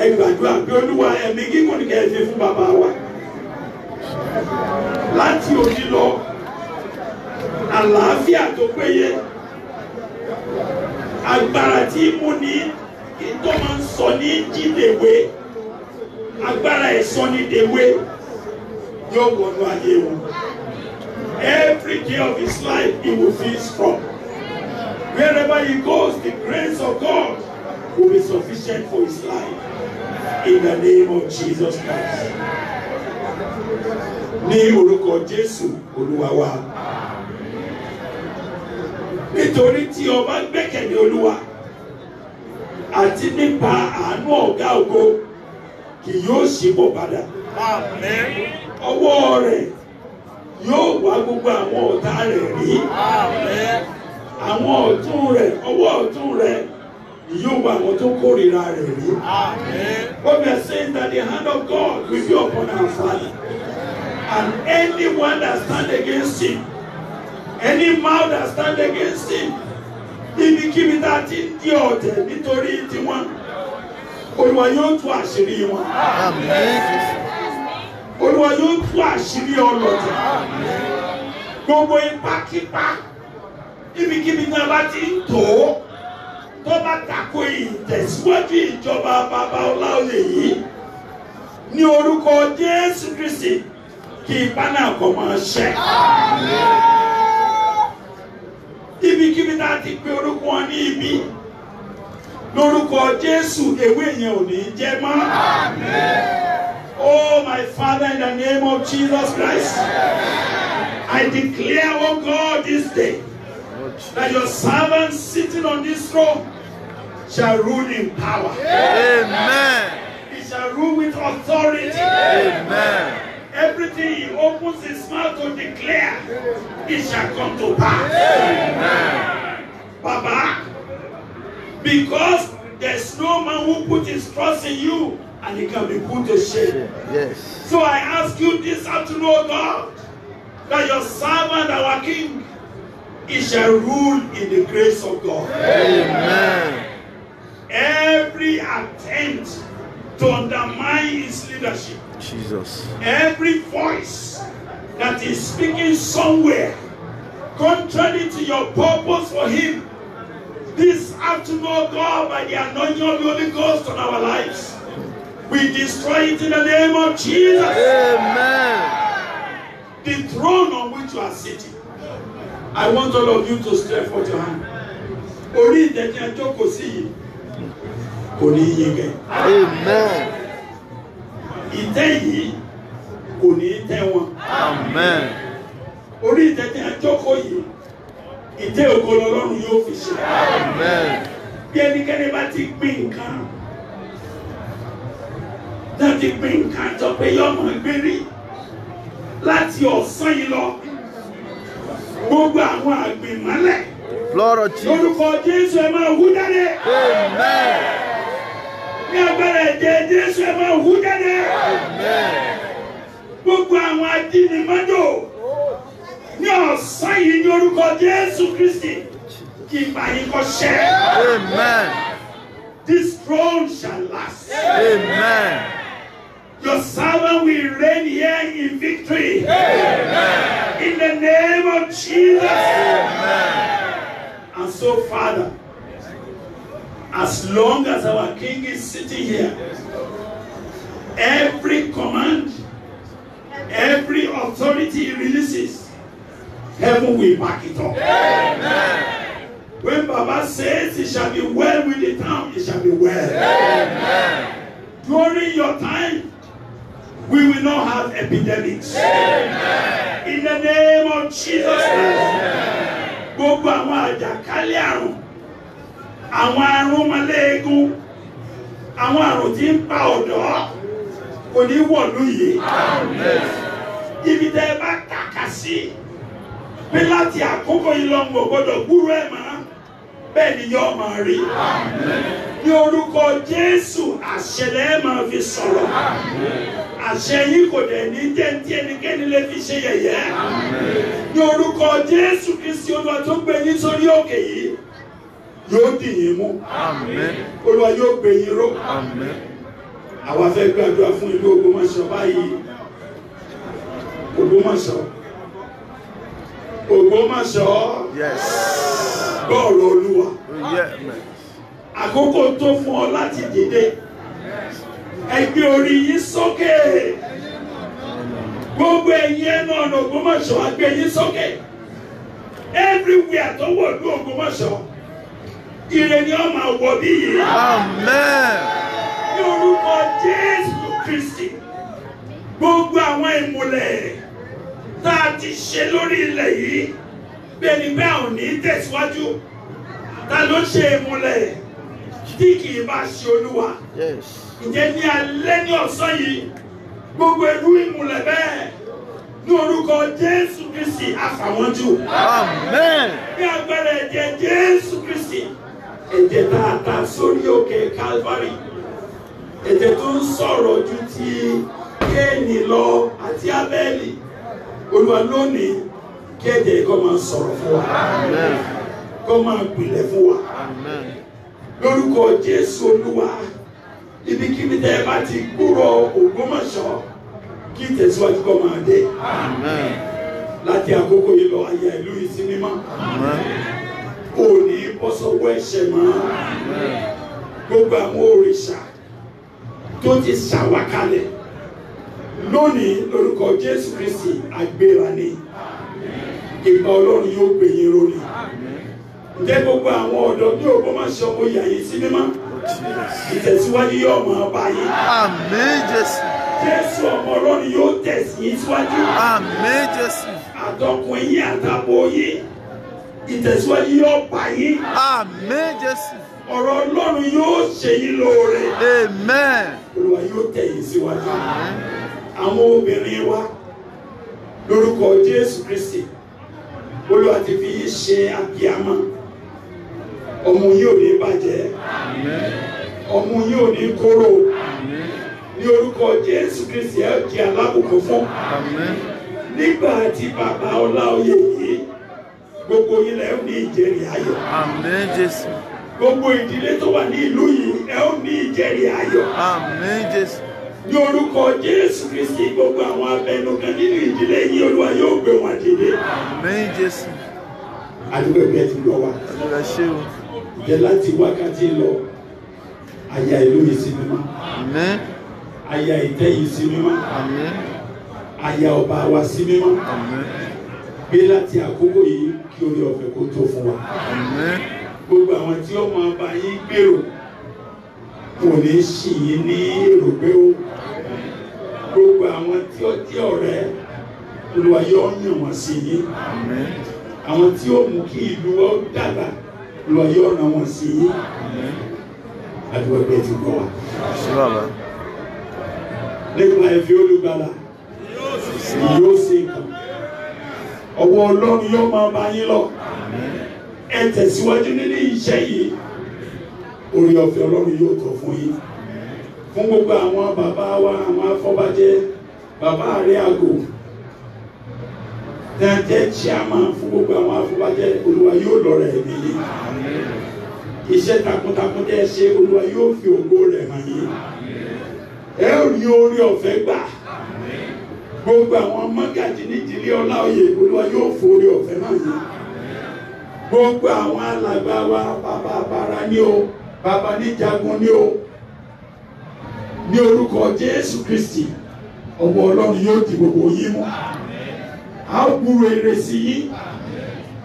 ẹ gbàdúrà pé olúwa ẹ̀mí gígùn nìkan ẹ fi fún bàbá wa láti òní lọ àlàáfíà tó péye agbára tí mú ní kí tó máa ń sọ ní jídèwé agbára ìsọnidèwé. E yóò wọnú ayé wọn every day of his life he will feel strong wherever he goes the grace of God will be sufficient for his life in the name of Jesus Christ ní orúkọ Jésù Olúwa wa nítorí tí ọba gbẹ́kẹ̀lé Olúwa àti nípa àánú ọ̀gá ògo kì yóò ṣíbọ̀ padà. Amen. ọwọ́ rẹ̀ yóò wá gbogbo àwọn ọ̀tá rẹ̀ rí àwọn ọ̀tún rẹ̀ ọwọ́ ọ̀tún rẹ̀ yóò wá àwọn tó kórìíra rẹ̀ rí. What we God will be upon our father and anyone that stand against him any mouth that against him tá ti ń di ọ̀tẹ̀ nítorí tiwọn olùwà yóò àṣírí wọn. olúwa yóò tú àṣírí ọlọ́tẹ̀ gbogbo ipákípá kíbikíbi náà bá ti ń tò ó tó bá tako ìtẹ̀síwájú ìjọba bàbá Ọláoyè yìí ní orúkọ Jésù Kristi kí ipá náà kò máa ṣẹ. ibikíbi tá a ti pe orúkọ wọn ní ibi lórúkọ Jésù ewé yẹn ò ní jẹ mọ́. Oh, my Father, in the name of Jesus Christ, I declare, oh God, this day that your servant sitting on this throne shall rule in power. Amen. He shall rule with authority. Amen. Everything he opens his mouth to declare, it shall come to pass. Amen. Baba, because there's no man who put his trust in you and he can be put to shame. Yes. So I ask you this afternoon, God, that your servant, our King, he shall rule in the grace of God. Amen. Every attempt to undermine his leadership, Jesus. Every voice that is speaking somewhere contrary to your purpose for him, this afternoon, God, by the anointing of the Holy Ghost on our lives. We destroy it in the name of Jesus. Amen. The throne on which you are sitting. I want all of you to stretch out your hand. Orí ìdẹ̀kí ẹjọ́ kò sí yìí. Amen. Ìtẹ́ yìí kò ní tẹ́ Amen. Orí ìdẹ̀kí ẹjọ́ kò yìí. Ìtẹ́ ògo lọ́lọ́run fi ṣe. Amen. Bí ẹnikẹ́ni bá ti gbìn nǹkan tó ti gbin nǹkan tó pé yọmọ gbérí láti ọ̀sán yìí lọ gbogbo àwọn àgbìn mọ́lẹ̀ lọ́rọ̀ tí. orúkọ jésù ẹ máa hú jáde. amen. ní agbára ẹ̀jẹ̀ jésù ẹ máa hú jáde. amen. gbogbo àwọn adínimọ́dò ní ọ̀sán yìí ní orúkọ jésù kristi kí ìgbà yín kọ́ ṣẹ. amen. this throne shall last. amen. amen. Your servant will reign here in victory. Amen. In the name of Jesus. Amen. And so, Father, as long as our King is sitting here, every command, every authority he releases, heaven will back it up. Amen. When Baba says it shall be well with the town, it shall be well. Amen. During your time, we will not have epidemics. Amen. In the name of Jesus Christ. Gbogbo àwọn àjàkálẹ̀ àrùn, àwọn àrùn mọ́lẹ́gùn, àwọn àrùn tí ń pa ọ̀dọ́, kò ní wọ̀lú yìí. Ibi tẹ́ ẹ bá kàkà sí, pé láti àkókò yìí lọ gbọ́dọ̀ gbúrú ẹ̀ máa bẹ́ẹ̀ ni yóò máa rí ní orúkọ Jésù àṣẹ lẹ́ẹ̀ máa fi sọ̀rọ̀ àṣẹ yìí kò dẹ̀ ní jẹ́ntì ẹnikẹ́ni lè fi ṣe yẹ̀yẹ́ ní orúkọ Jésù Kristi Olúwa tó gbé yín sórí òkè yìí yóò dì yín mú Olúwa yóò gbé yín ró àwa fẹ́ gbàdúrà fún ìlú Ògbómọ̀ṣọ́ báyìí Ògbómọ̀ṣọ́. Ògbómọ̀ṣọ́ gbọ́ọ̀rọ̀ Olúwa àkókò tó fún ọ láti dìde ẹ gbé orí yín sókè gbogbo ẹ̀yin ẹnu ọ̀nà Ògbómọ̀ṣọ́ a yín sókè everywhere tó wọ̀ ní Ògbómọ̀ṣọ́ ire ni ọ máa bí yìí. Amen. ní orúkọ Jésù Kristi gbogbo àwọn ìmùlẹ̀ tá a ti ṣe lórí ilẹ̀ yìí bẹ́ẹ̀ bẹ́ẹ̀ ò ní tẹ̀síwájú ta ló ṣe ìmúlẹ̀ tí kì í bá ṣe olúwa ǹjẹ́ ní alẹ́ ní ọ̀sán yìí gbogbo irú ìmúlẹ̀ bẹ́ẹ̀ ní orúkọ jésù kristi àfàwọ́njú ní agbára ẹ̀jẹ̀ jésù kristi ẹ̀jẹ̀ tá a ta sórí òkè calvary ẹ̀jẹ̀ tó ń sọ̀rọ̀ ju ti kéènì lọ àti abẹ́lì olúwa lónìí kí ẹ̀jẹ̀ kó máa sọ̀rọ̀ fún wa kó máa gbilẹ̀ fún wa lórúkọ jésù olúwa ibikíbi tẹ́ ẹ bá ti gbúrọ̀ ògbómọ̀ṣọ́ kí tẹ̀síwájú kó máa dé láti àkókò yìí lọ àyà ìlú yìí sí mímọ́ òní bọ́ ẹ̀ṣẹ̀ mọ́ gbogbo àwọn òrìṣà tó ti ṣàwákalẹ̀ lónìí lórúkọ jésù kristi agbéra ni ìgbà ọlọ́run yóò gbé yín rólì ǹjẹ́ gbogbo àwọn ọ̀dọ́ bí ògbó máa ṣe ọmọ ìyá yín sí mímọ́ ìtẹ̀síwájú yóò máa bá yín. àmín jésù. jésù ọmọ ọlọ́run yóò tẹ̀sí yín síwájú. àmín jésù. àtọkùn yín àtàbò yín ìtẹ̀síwájú yóò bá yín. àmín jésù. ọ̀rọ̀ ọlọ́run yóò ṣe yín lóore. amen. olúwa yóò tẹ̀ yín síwájú. àmín àwọn obìnrin wa lórúkọ Jésù Kristi Olúwa ti fi yín ṣe abiyamọ ọmọ yìí ò ní bàjẹ́ ọmọ yìí ò ní kóró ní orúkọ Jésù Kristi ẹ di alábùkún fún nígbà tí bàbá Ọláoyè yìí gbogbo yín lẹ ní ìjẹrìí ayọ̀ gbogbo ìdílé tó wà ní ìlú yìí ẹ ní ìjẹrìí ayọ̀ ní orúkọ jésù kristi gbogbo àwọn abẹnugan nínú ìdílé yìí olúwa yóò gbé wọn dìde. mẹ́rin jésù. àdúgbò ẹgbẹ́ ti lọ wa. àdúrà ṣé o. ìjẹ́ láti wákàtí lọ àyà ìlú yìí sí mímọ́. àmín. àyà ìtẹ́ yìí sí mímọ́. àmín. àyà ọba wa sí mímọ́. àmín. gbé láti àkókò yìí kí orí ọ̀fẹ́ kó tó fún wa. àmín. gbogbo àwọn tí ó máa bá yín gbèrò kò ní ṣì í ní èrò pé ó gbogbo àwọn tí ó jẹ́ ọ̀rẹ́ olúwa yóò yàn wọ́n sí yín àwọn tí ó mú kí ìlú wa ó dàgbà olúwa yóò ràn wọ́n sí yín àdúgbò ti gbọ́ wa. nípa ẹ̀fẹ́ olùgbàlà yóò ṣe kàn ọwọ́ ọlọ́run yóò máa bá yín lọ ẹ tẹ̀síwájú nínú iṣẹ́ yìí orí ọ̀fẹ́ ọlọ́run yóò tọ́ fún yín fún gbogbo àwọn bàbá wa àwọn afọbajẹ bàbá àrẹ àgò tẹ̀tẹ̀ chairman fún gbogbo àwọn afọbajẹ olúwa yóò lọ́rọ̀ ẹ̀mí yín iṣẹ́ takuntakun tẹ́ ẹ ṣe olúwa yóò fi ògo rẹ̀ hàn yín ẹ ò rí orí ọ̀fẹ́ gbà gbogbo àwọn mọ́gàjì nídìílé ọláòyè olúwa yóò forí ọ̀fẹ́ hàn yín gbogbo àwọn alàgbà wa bàbá àbára ní o bàbá níjagun ni o ní orúkọ Jésù Kristi ọwọ́ Ọlọ́run yóò di gbogbo yín mú a ó gbúre ire sí yín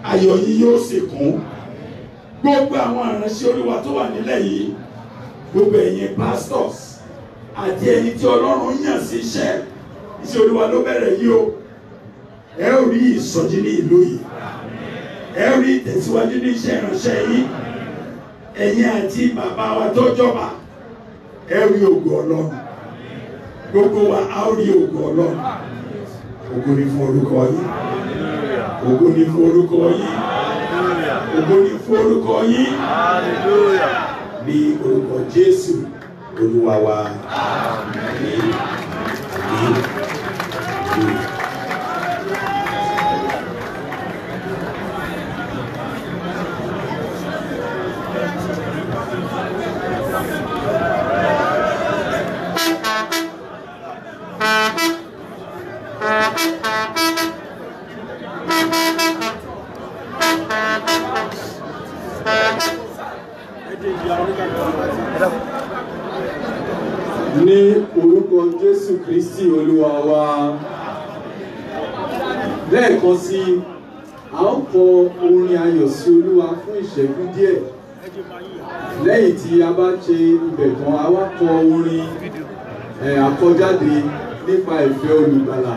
ayọ̀ yín yóò sì gbogbo àwọn ìránṣẹ́ Olúwa tó wà nílẹ̀ yìí gbogbo ẹ̀yin pastors àti ẹ̀yin tí Ọlọ́run yàn sí iṣẹ́ iṣẹ́ Olúwa ló bẹ̀rẹ̀ yìí o ẹ ó rí ìsọjí ní ìlú yìí ẹ ó rí ìtẹ̀síwájú ní iṣẹ́ ìránṣẹ́ yìí. ẹ̀yin àti bàbá wa tó jọba ẹ rí ògo ọlọ́run gbogbo wa a rí ògo ọlọ́run ògo ni fún orúkọ yín ògo ni fún orúkọ yín ògo ni fún orúkọ yín ní orúkọ Jésù olúwa wa àmín àmín. Kristi Olúwa wa lẹ́ẹ̀kan sí a ó kọ orin ayọ̀ sí Olúwa fún ìṣẹ́jú díẹ̀ lẹ́yìn tí a bá ṣe ibẹ̀ tán a wá kọ orin àkọjáde nípa ìfẹ́ olùgbàlà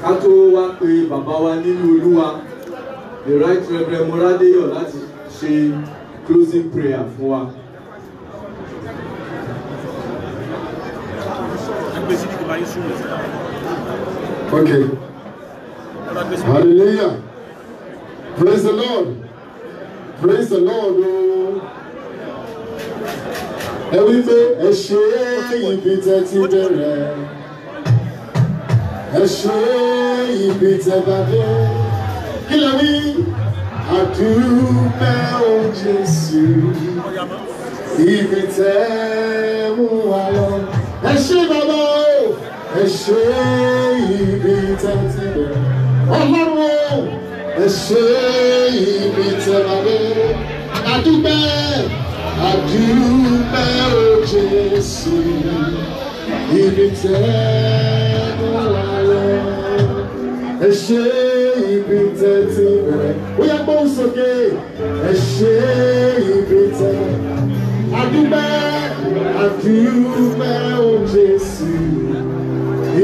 ká tó wá pe bàbá wa nínú Olúwa the right reverend Moradeyo láti ṣe closing prayer fún wa. Okay. Hallelujah. Praise the Lord. Praise the Lord. Ẹ wí pé ẹ ṣe ibi tẹ́ ti bẹ̀rẹ̀. Ẹ ṣe ibi tẹ́ bá dé. Kí lè wí? Àdúpẹ́ o Jésù. Ibi tẹ́ mú wa lọ ẹ ṣé bàbá o ẹ ṣé ibi tẹ́ ti bẹ̀rẹ̀ ọlọ́run o ẹ ṣé ibi tẹ́ máa dé àdúgbẹ́ àdúgbẹ́ o Jésù ibi tẹ́ mú wa lọ ẹ ṣé ibi tẹ́ ti bẹ̀rẹ̀ ó yẹ kó sókè ẹ ṣé ibi tẹ́ àdúgbẹ́ àdúpẹ́ o Jésù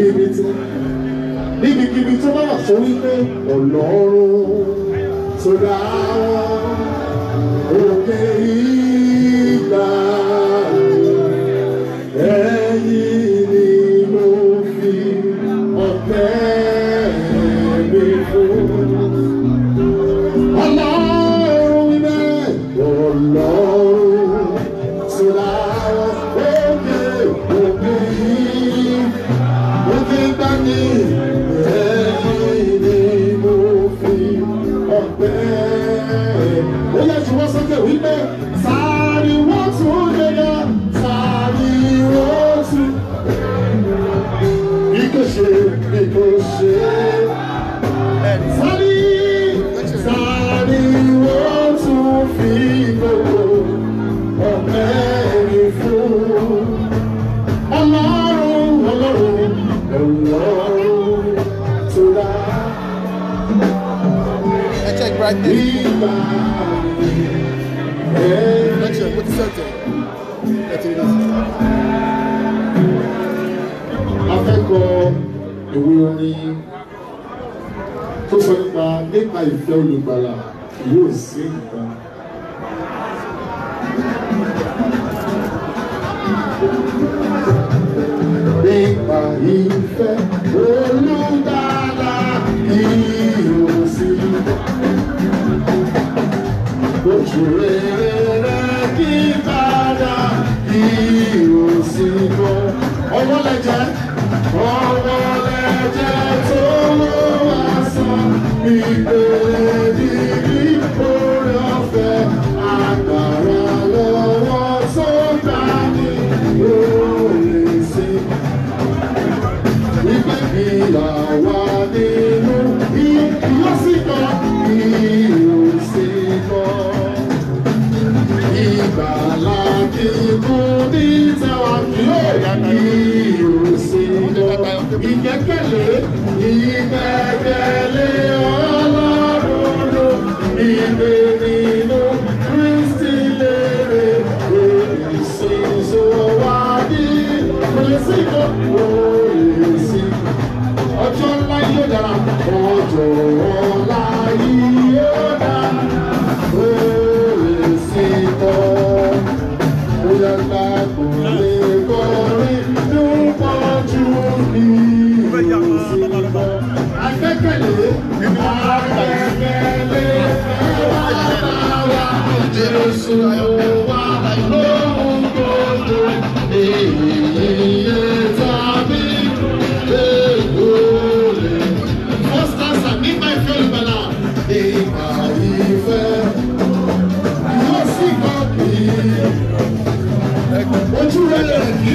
ibi tí níbikíbi tó bá wà sọ wípé ọlọ́run tó dá wọn òkè yìí. Lecce, what is that thing? Let's read this. Akẹ́kọ̀ọ́ ìwé orin tó sọ nípa nípa ìfẹ́ olùgbàlà yóò sí nǹkan. Nípa ìfẹ́ olùgbàlà. ìrere kí padà kí o sì bọ̀. ọwọ́ lẹ́jẹ̀ tó wá sàn ìpele. ìbùdí tàwa kí òsì lọ ìgbẹ́kẹ̀lé. Jésù wà lóhun gbogbo èyí tàbí ègbò rẹ̀. First answer nígbà ìfẹ́ ìbàlá. Nígbà ìfẹ́ yóò sì gbọ́ pé ojú rẹ̀ kì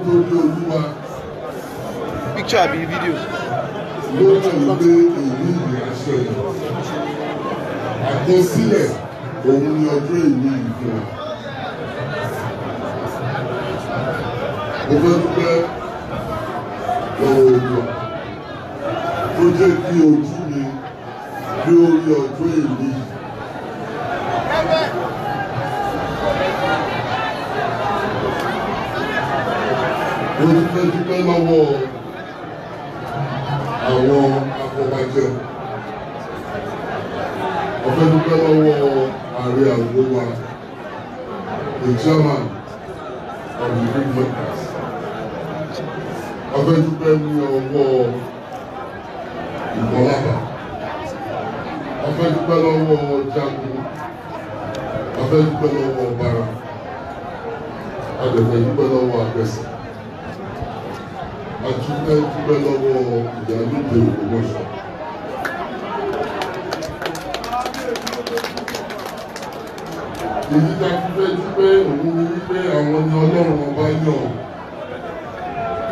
nítorí olúwa. picture àbí fídíò. lórí ìwé èyí ìrìnàṣẹ àkọsílẹ̀ òun ni ọdún ìwé ìfẹ́. mo fẹ́ dúpẹ́ lọ́wọ́ ojú tó jẹ́ kí ojú the chairman of the big makers afẹ́dúpẹ́ ní ọwọ́ ìkọlábà afẹ́dúpẹ́ lọ́wọ́ jagun afẹ́dúpẹ́ lọ́wọ́ bara adẹ̀fẹ́dúpẹ́ lọ́wọ́ agbẹ́sẹ̀ atúpẹ́dúpẹ́ lọ́wọ́ ìyálóde ògbómọ̀ṣọ́. èyí dájú pé pé òun wípé àwọn ni ọlọ́run ọba yàn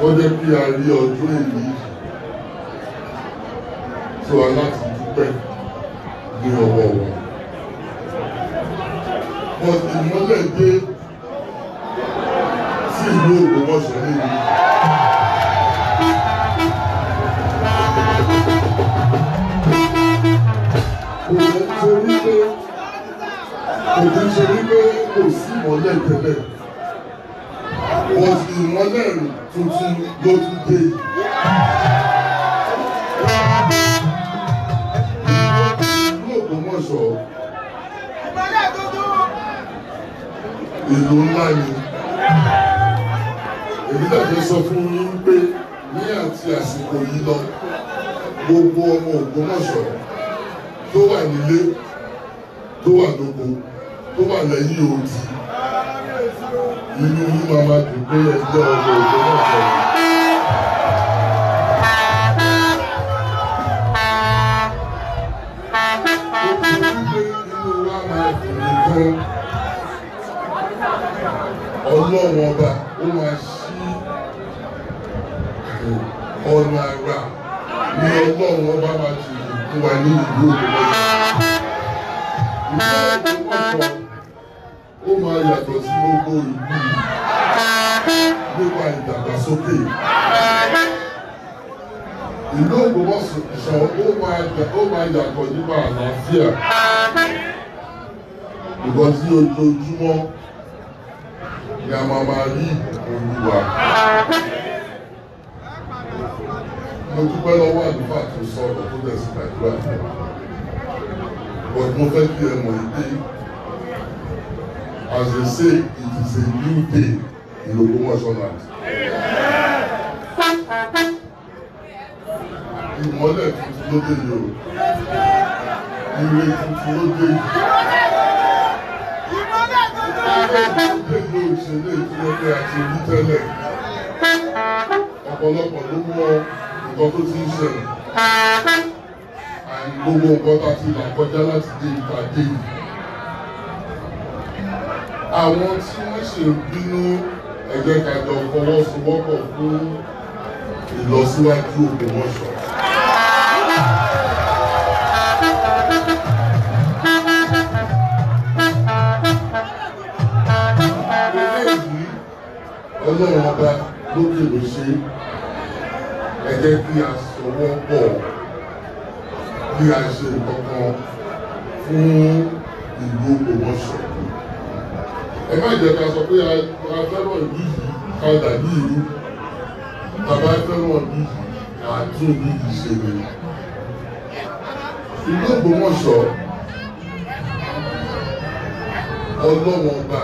ó jẹ́ kí a rí ọdún èyí tó wa láti dúpẹ́ ní ọwọ́ wọn. but ìmọ́lẹ̀ dé sí ìlú Ògbómọ̀ṣọ́ níbi. kò yẹ kí o rí pé kò kí n ṣe rí kò sí mọ́lẹ̀ tẹ́lẹ̀ mo sì mọ́lẹ̀ tuntun ló tún dé yìí. ìlú Ògbómọ̀ṣọ́ ìlú ńlá ni èyí dàbí sọ fún yín pé ní àti àsìkò yìí lọ gbogbo ọmọ Ògbómọ̀ṣọ́ tó wà nílé tó wà lóko tó wà lẹ́yìn odi inú yín máa ma dùn pé ẹgbẹ́ ọmọ ìjọ náà sọ̀rọ̀. Ọlọ́run ọba ó máa ṣí ọ̀nà àrà ní ọlọ́run ọba máa ti fún wa ní ìlú òkú lọ́yìn ó máa yàtọ̀ sí gbogbo ìlú nípa ìdàgbàsókè. Ìlú Ògbómọ̀ṣọ́ ó máa yàtọ̀ nípa àlàáfíà. Ìbọn tí ojoojúmọ́ ni a máa máa rí Olúwa. Mo dúpẹ́ lọ́wọ́ àdúrà tó sọ̀rọ̀ tó dẹ̀ sí Nàìjíríà. Bọ̀dún fẹ́ kí ẹ mọ̀ ìdí. As they say, it is a new day in Ògbómọ̀ṣọ́ land. Ìmọ́lẹ̀ You ló dé yìí o. Ìwé You ló dé yìí. Ìmọ́lẹ̀ tuntun You dé yìí o. Ìṣẹ̀lẹ̀ ìtura You a ti rí tẹ́lẹ̀. Ọ̀pọ̀lọpọ̀ You mọ nǹkan tó ti ń You Àìgbogbo nǹkan tá a ti là kọjá láti dé ìpàdé yìí àwọn tí wọ́n ṣe ń bínú ẹ jẹ́ ká jọ fọwọ́sowọ́pọ̀ fún ìlọsíwájú Ògbómọ̀ṣọ́. ọlọ́run ọba lókè ló ṣe ẹ jẹ́ kí a sọwọ́ pọ̀ bí a ṣe nǹkan kan fún ìlú Ògbómọ̀ṣọ́ ẹ má jẹ́ ká sọ pé a fẹ́ràn ìlú yìí ká dàbí ìlú bàbá fẹ́ràn ìlú yìí àti ìlú yìí ṣe ni. ìlú Ògbómọ̀ṣọ́ ọlọ́wọ́n ọba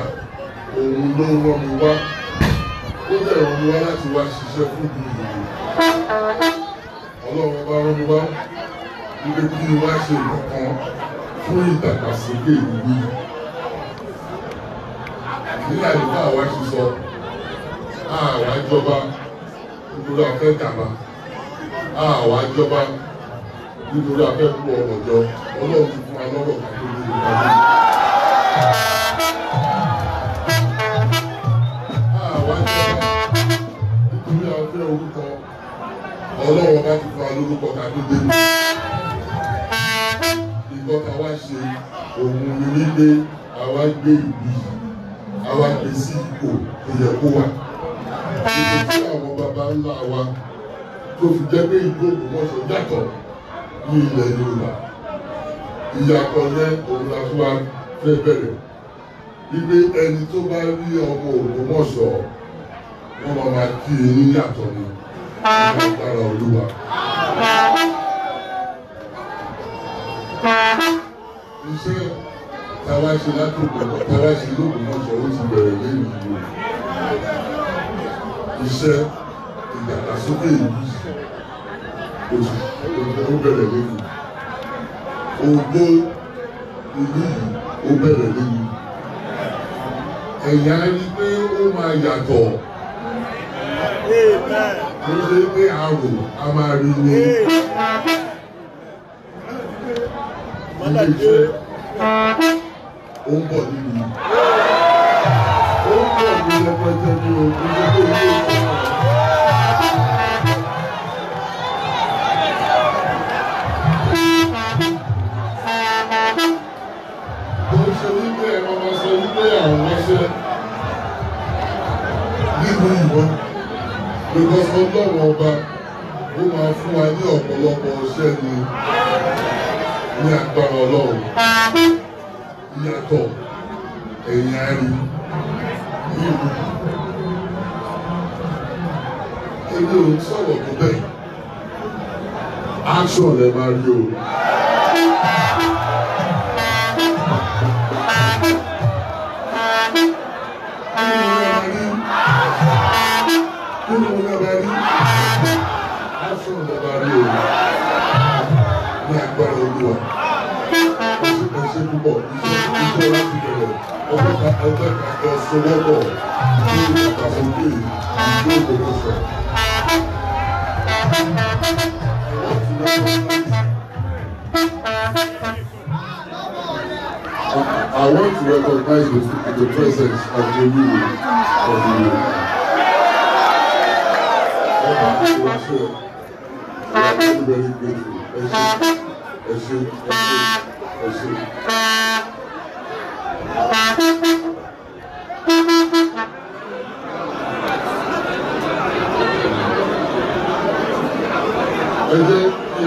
òun ló rán mi wá ó dẹ̀ rán mi wá láti wá ṣiṣẹ́ fún ìlú yìí ọlọ́wọ́n ọba rán mi wá wípé kí n wá ṣe nǹkan fún ìdàgbàsókè ìlú yìí ní àyíká àwa ṣe sọ àwa jọba nítorí afẹ́ kàmá àwa jọba nítorí afẹ́ kú ọ̀rọ̀ jọ ọlọ́run ti fún wa lọ́rọ̀ kan tó lórí ìpàdé. àwa jọba nítorí afẹ́ orúkọ ọlọ́run bá ti fún wa lórúkọ kan tó lórí ìgbọ́ta wá ṣe òun ní wípé àwa gbé ìlú yìí àwa kì í sí ipò tó yẹ kó wà. Ìlú tí àwọn baba ńlá wa tó fi jẹ́ pé ìlú Ògbómọ̀ṣọ́ yàtọ̀ ní ilẹ̀ Yorùbá. Ìyàtọ̀ yẹn òun la fún wa fẹ́ bẹ̀rẹ̀. Ibi ẹni tó bá rí ọmọ Ògbómọ̀ṣọ́ wọ́n máa ma kí i ní yàtọ̀ ni. Ìyá dára Olúwa. Iṣẹ́ táwa ṣe látòkò táwa ṣe lóògùnmọ̀ṣọ́ ó ti bẹ̀rẹ̀ lẹ́yìn ìlú iṣẹ́ ìdàgbàsókè ìlú oṣù ó bẹ̀rẹ̀ lẹ́yìn ògbó ìlú ó bẹ̀rẹ̀ lẹ́yìn ẹ̀yà rí pé ó máa yàtọ̀ ó ṣe pé àrò a máa rí ni ilé iṣẹ́ ó ń bọ̀ nínú yìí ó ń bọ̀ ní rẹpẹtẹ ní ogun gbogbo ilé ìwé. kò ń ṣe wípé ẹ̀rọ wọn ṣe wípé àwọn wọn ṣe nínú ìwọ́n because ọlọ́run ọba ó máa fún wa ní ọ̀pọ̀lọpọ̀ ọṣẹ́ ni ní agbára ọlọ́run yàtọ̀ ẹ̀yìn ẹrù yíwu èmi ò sọ̀rọ̀ tó bẹ́ẹ̀ aṣọ rẹ̀ máa rí o. Thank you. I want to recognize the, the presence of the new of the new. I very grateful ẹ jẹ́ kí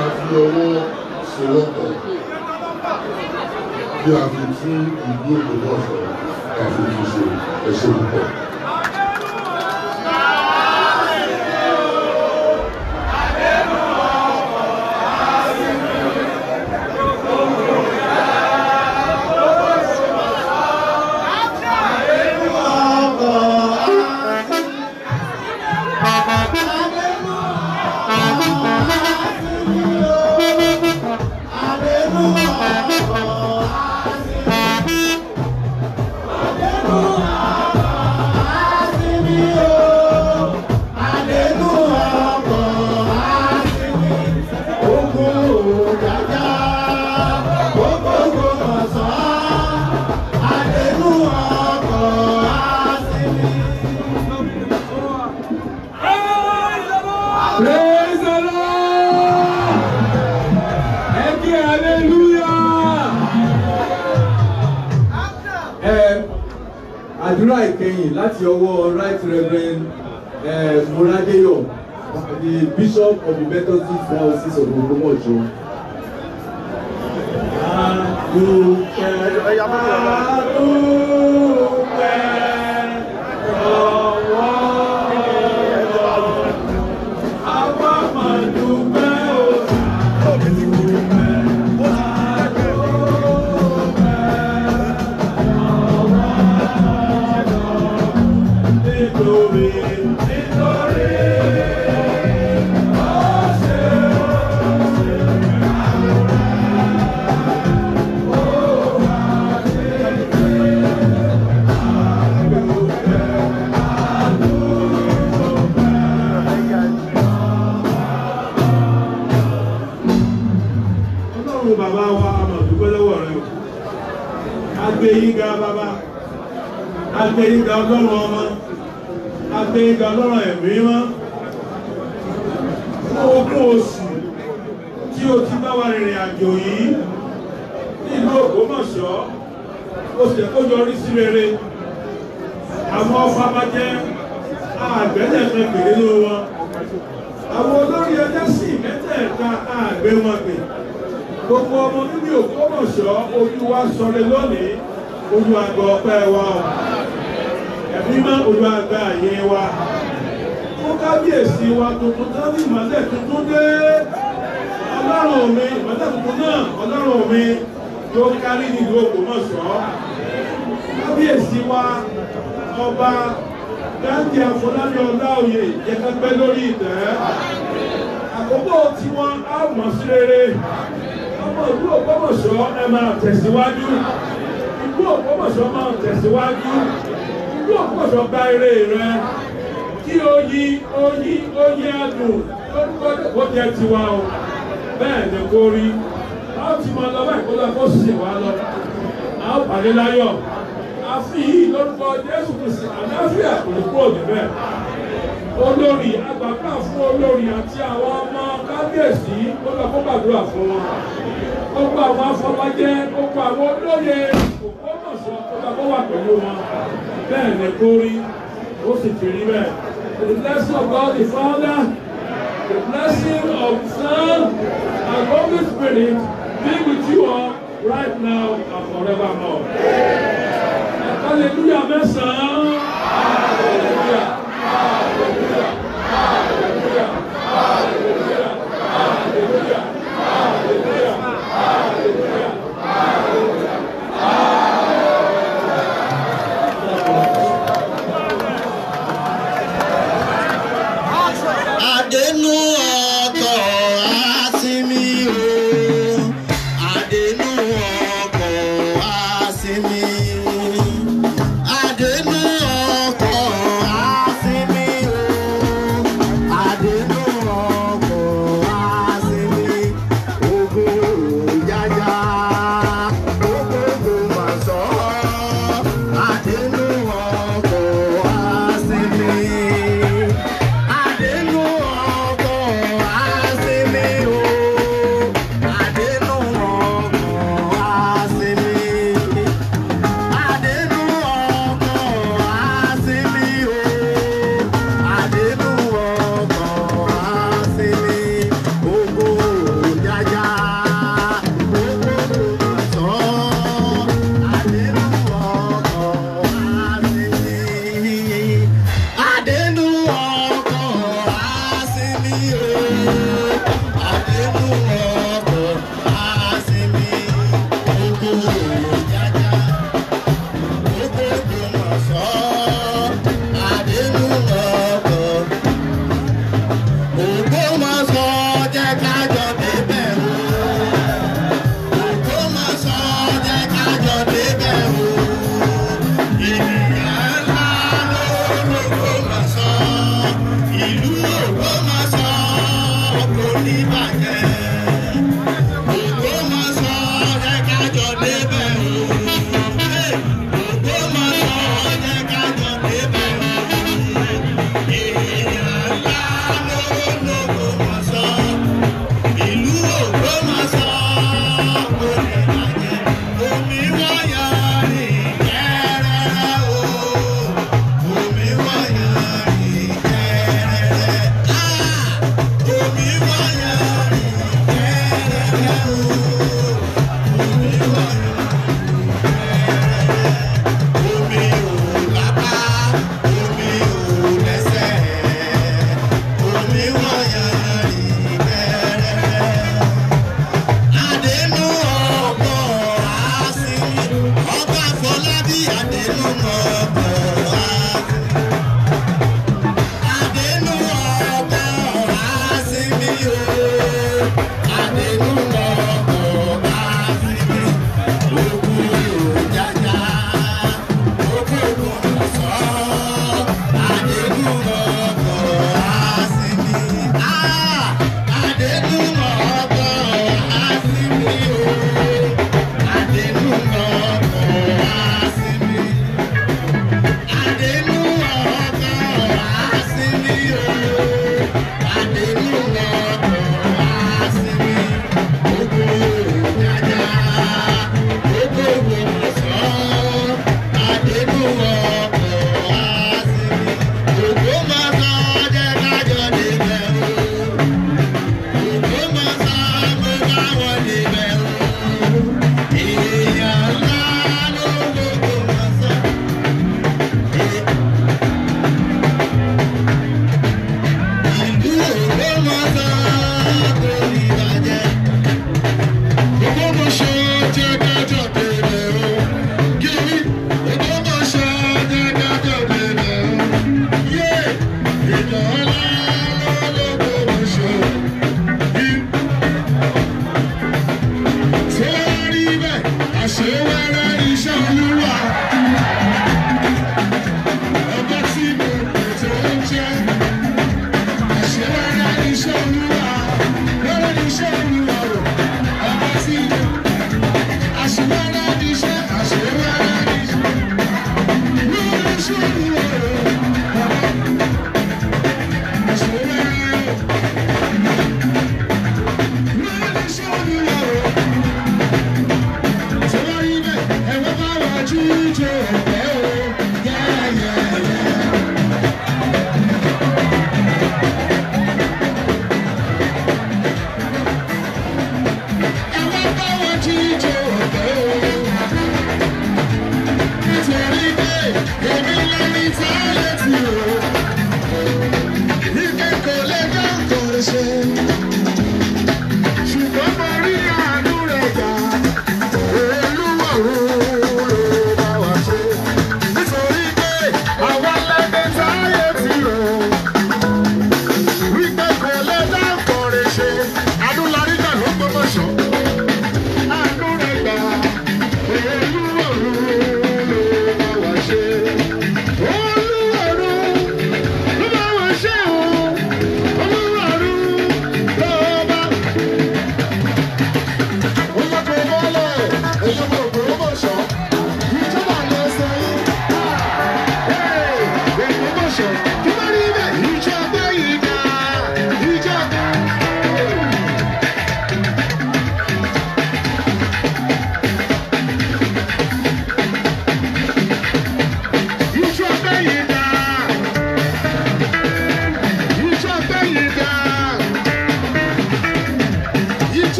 a fi ọwọ́ sowọ́pọ̀ kí a fi tún ìlú Ògbómọ̀ṣọ́ kí a fi tún ṣe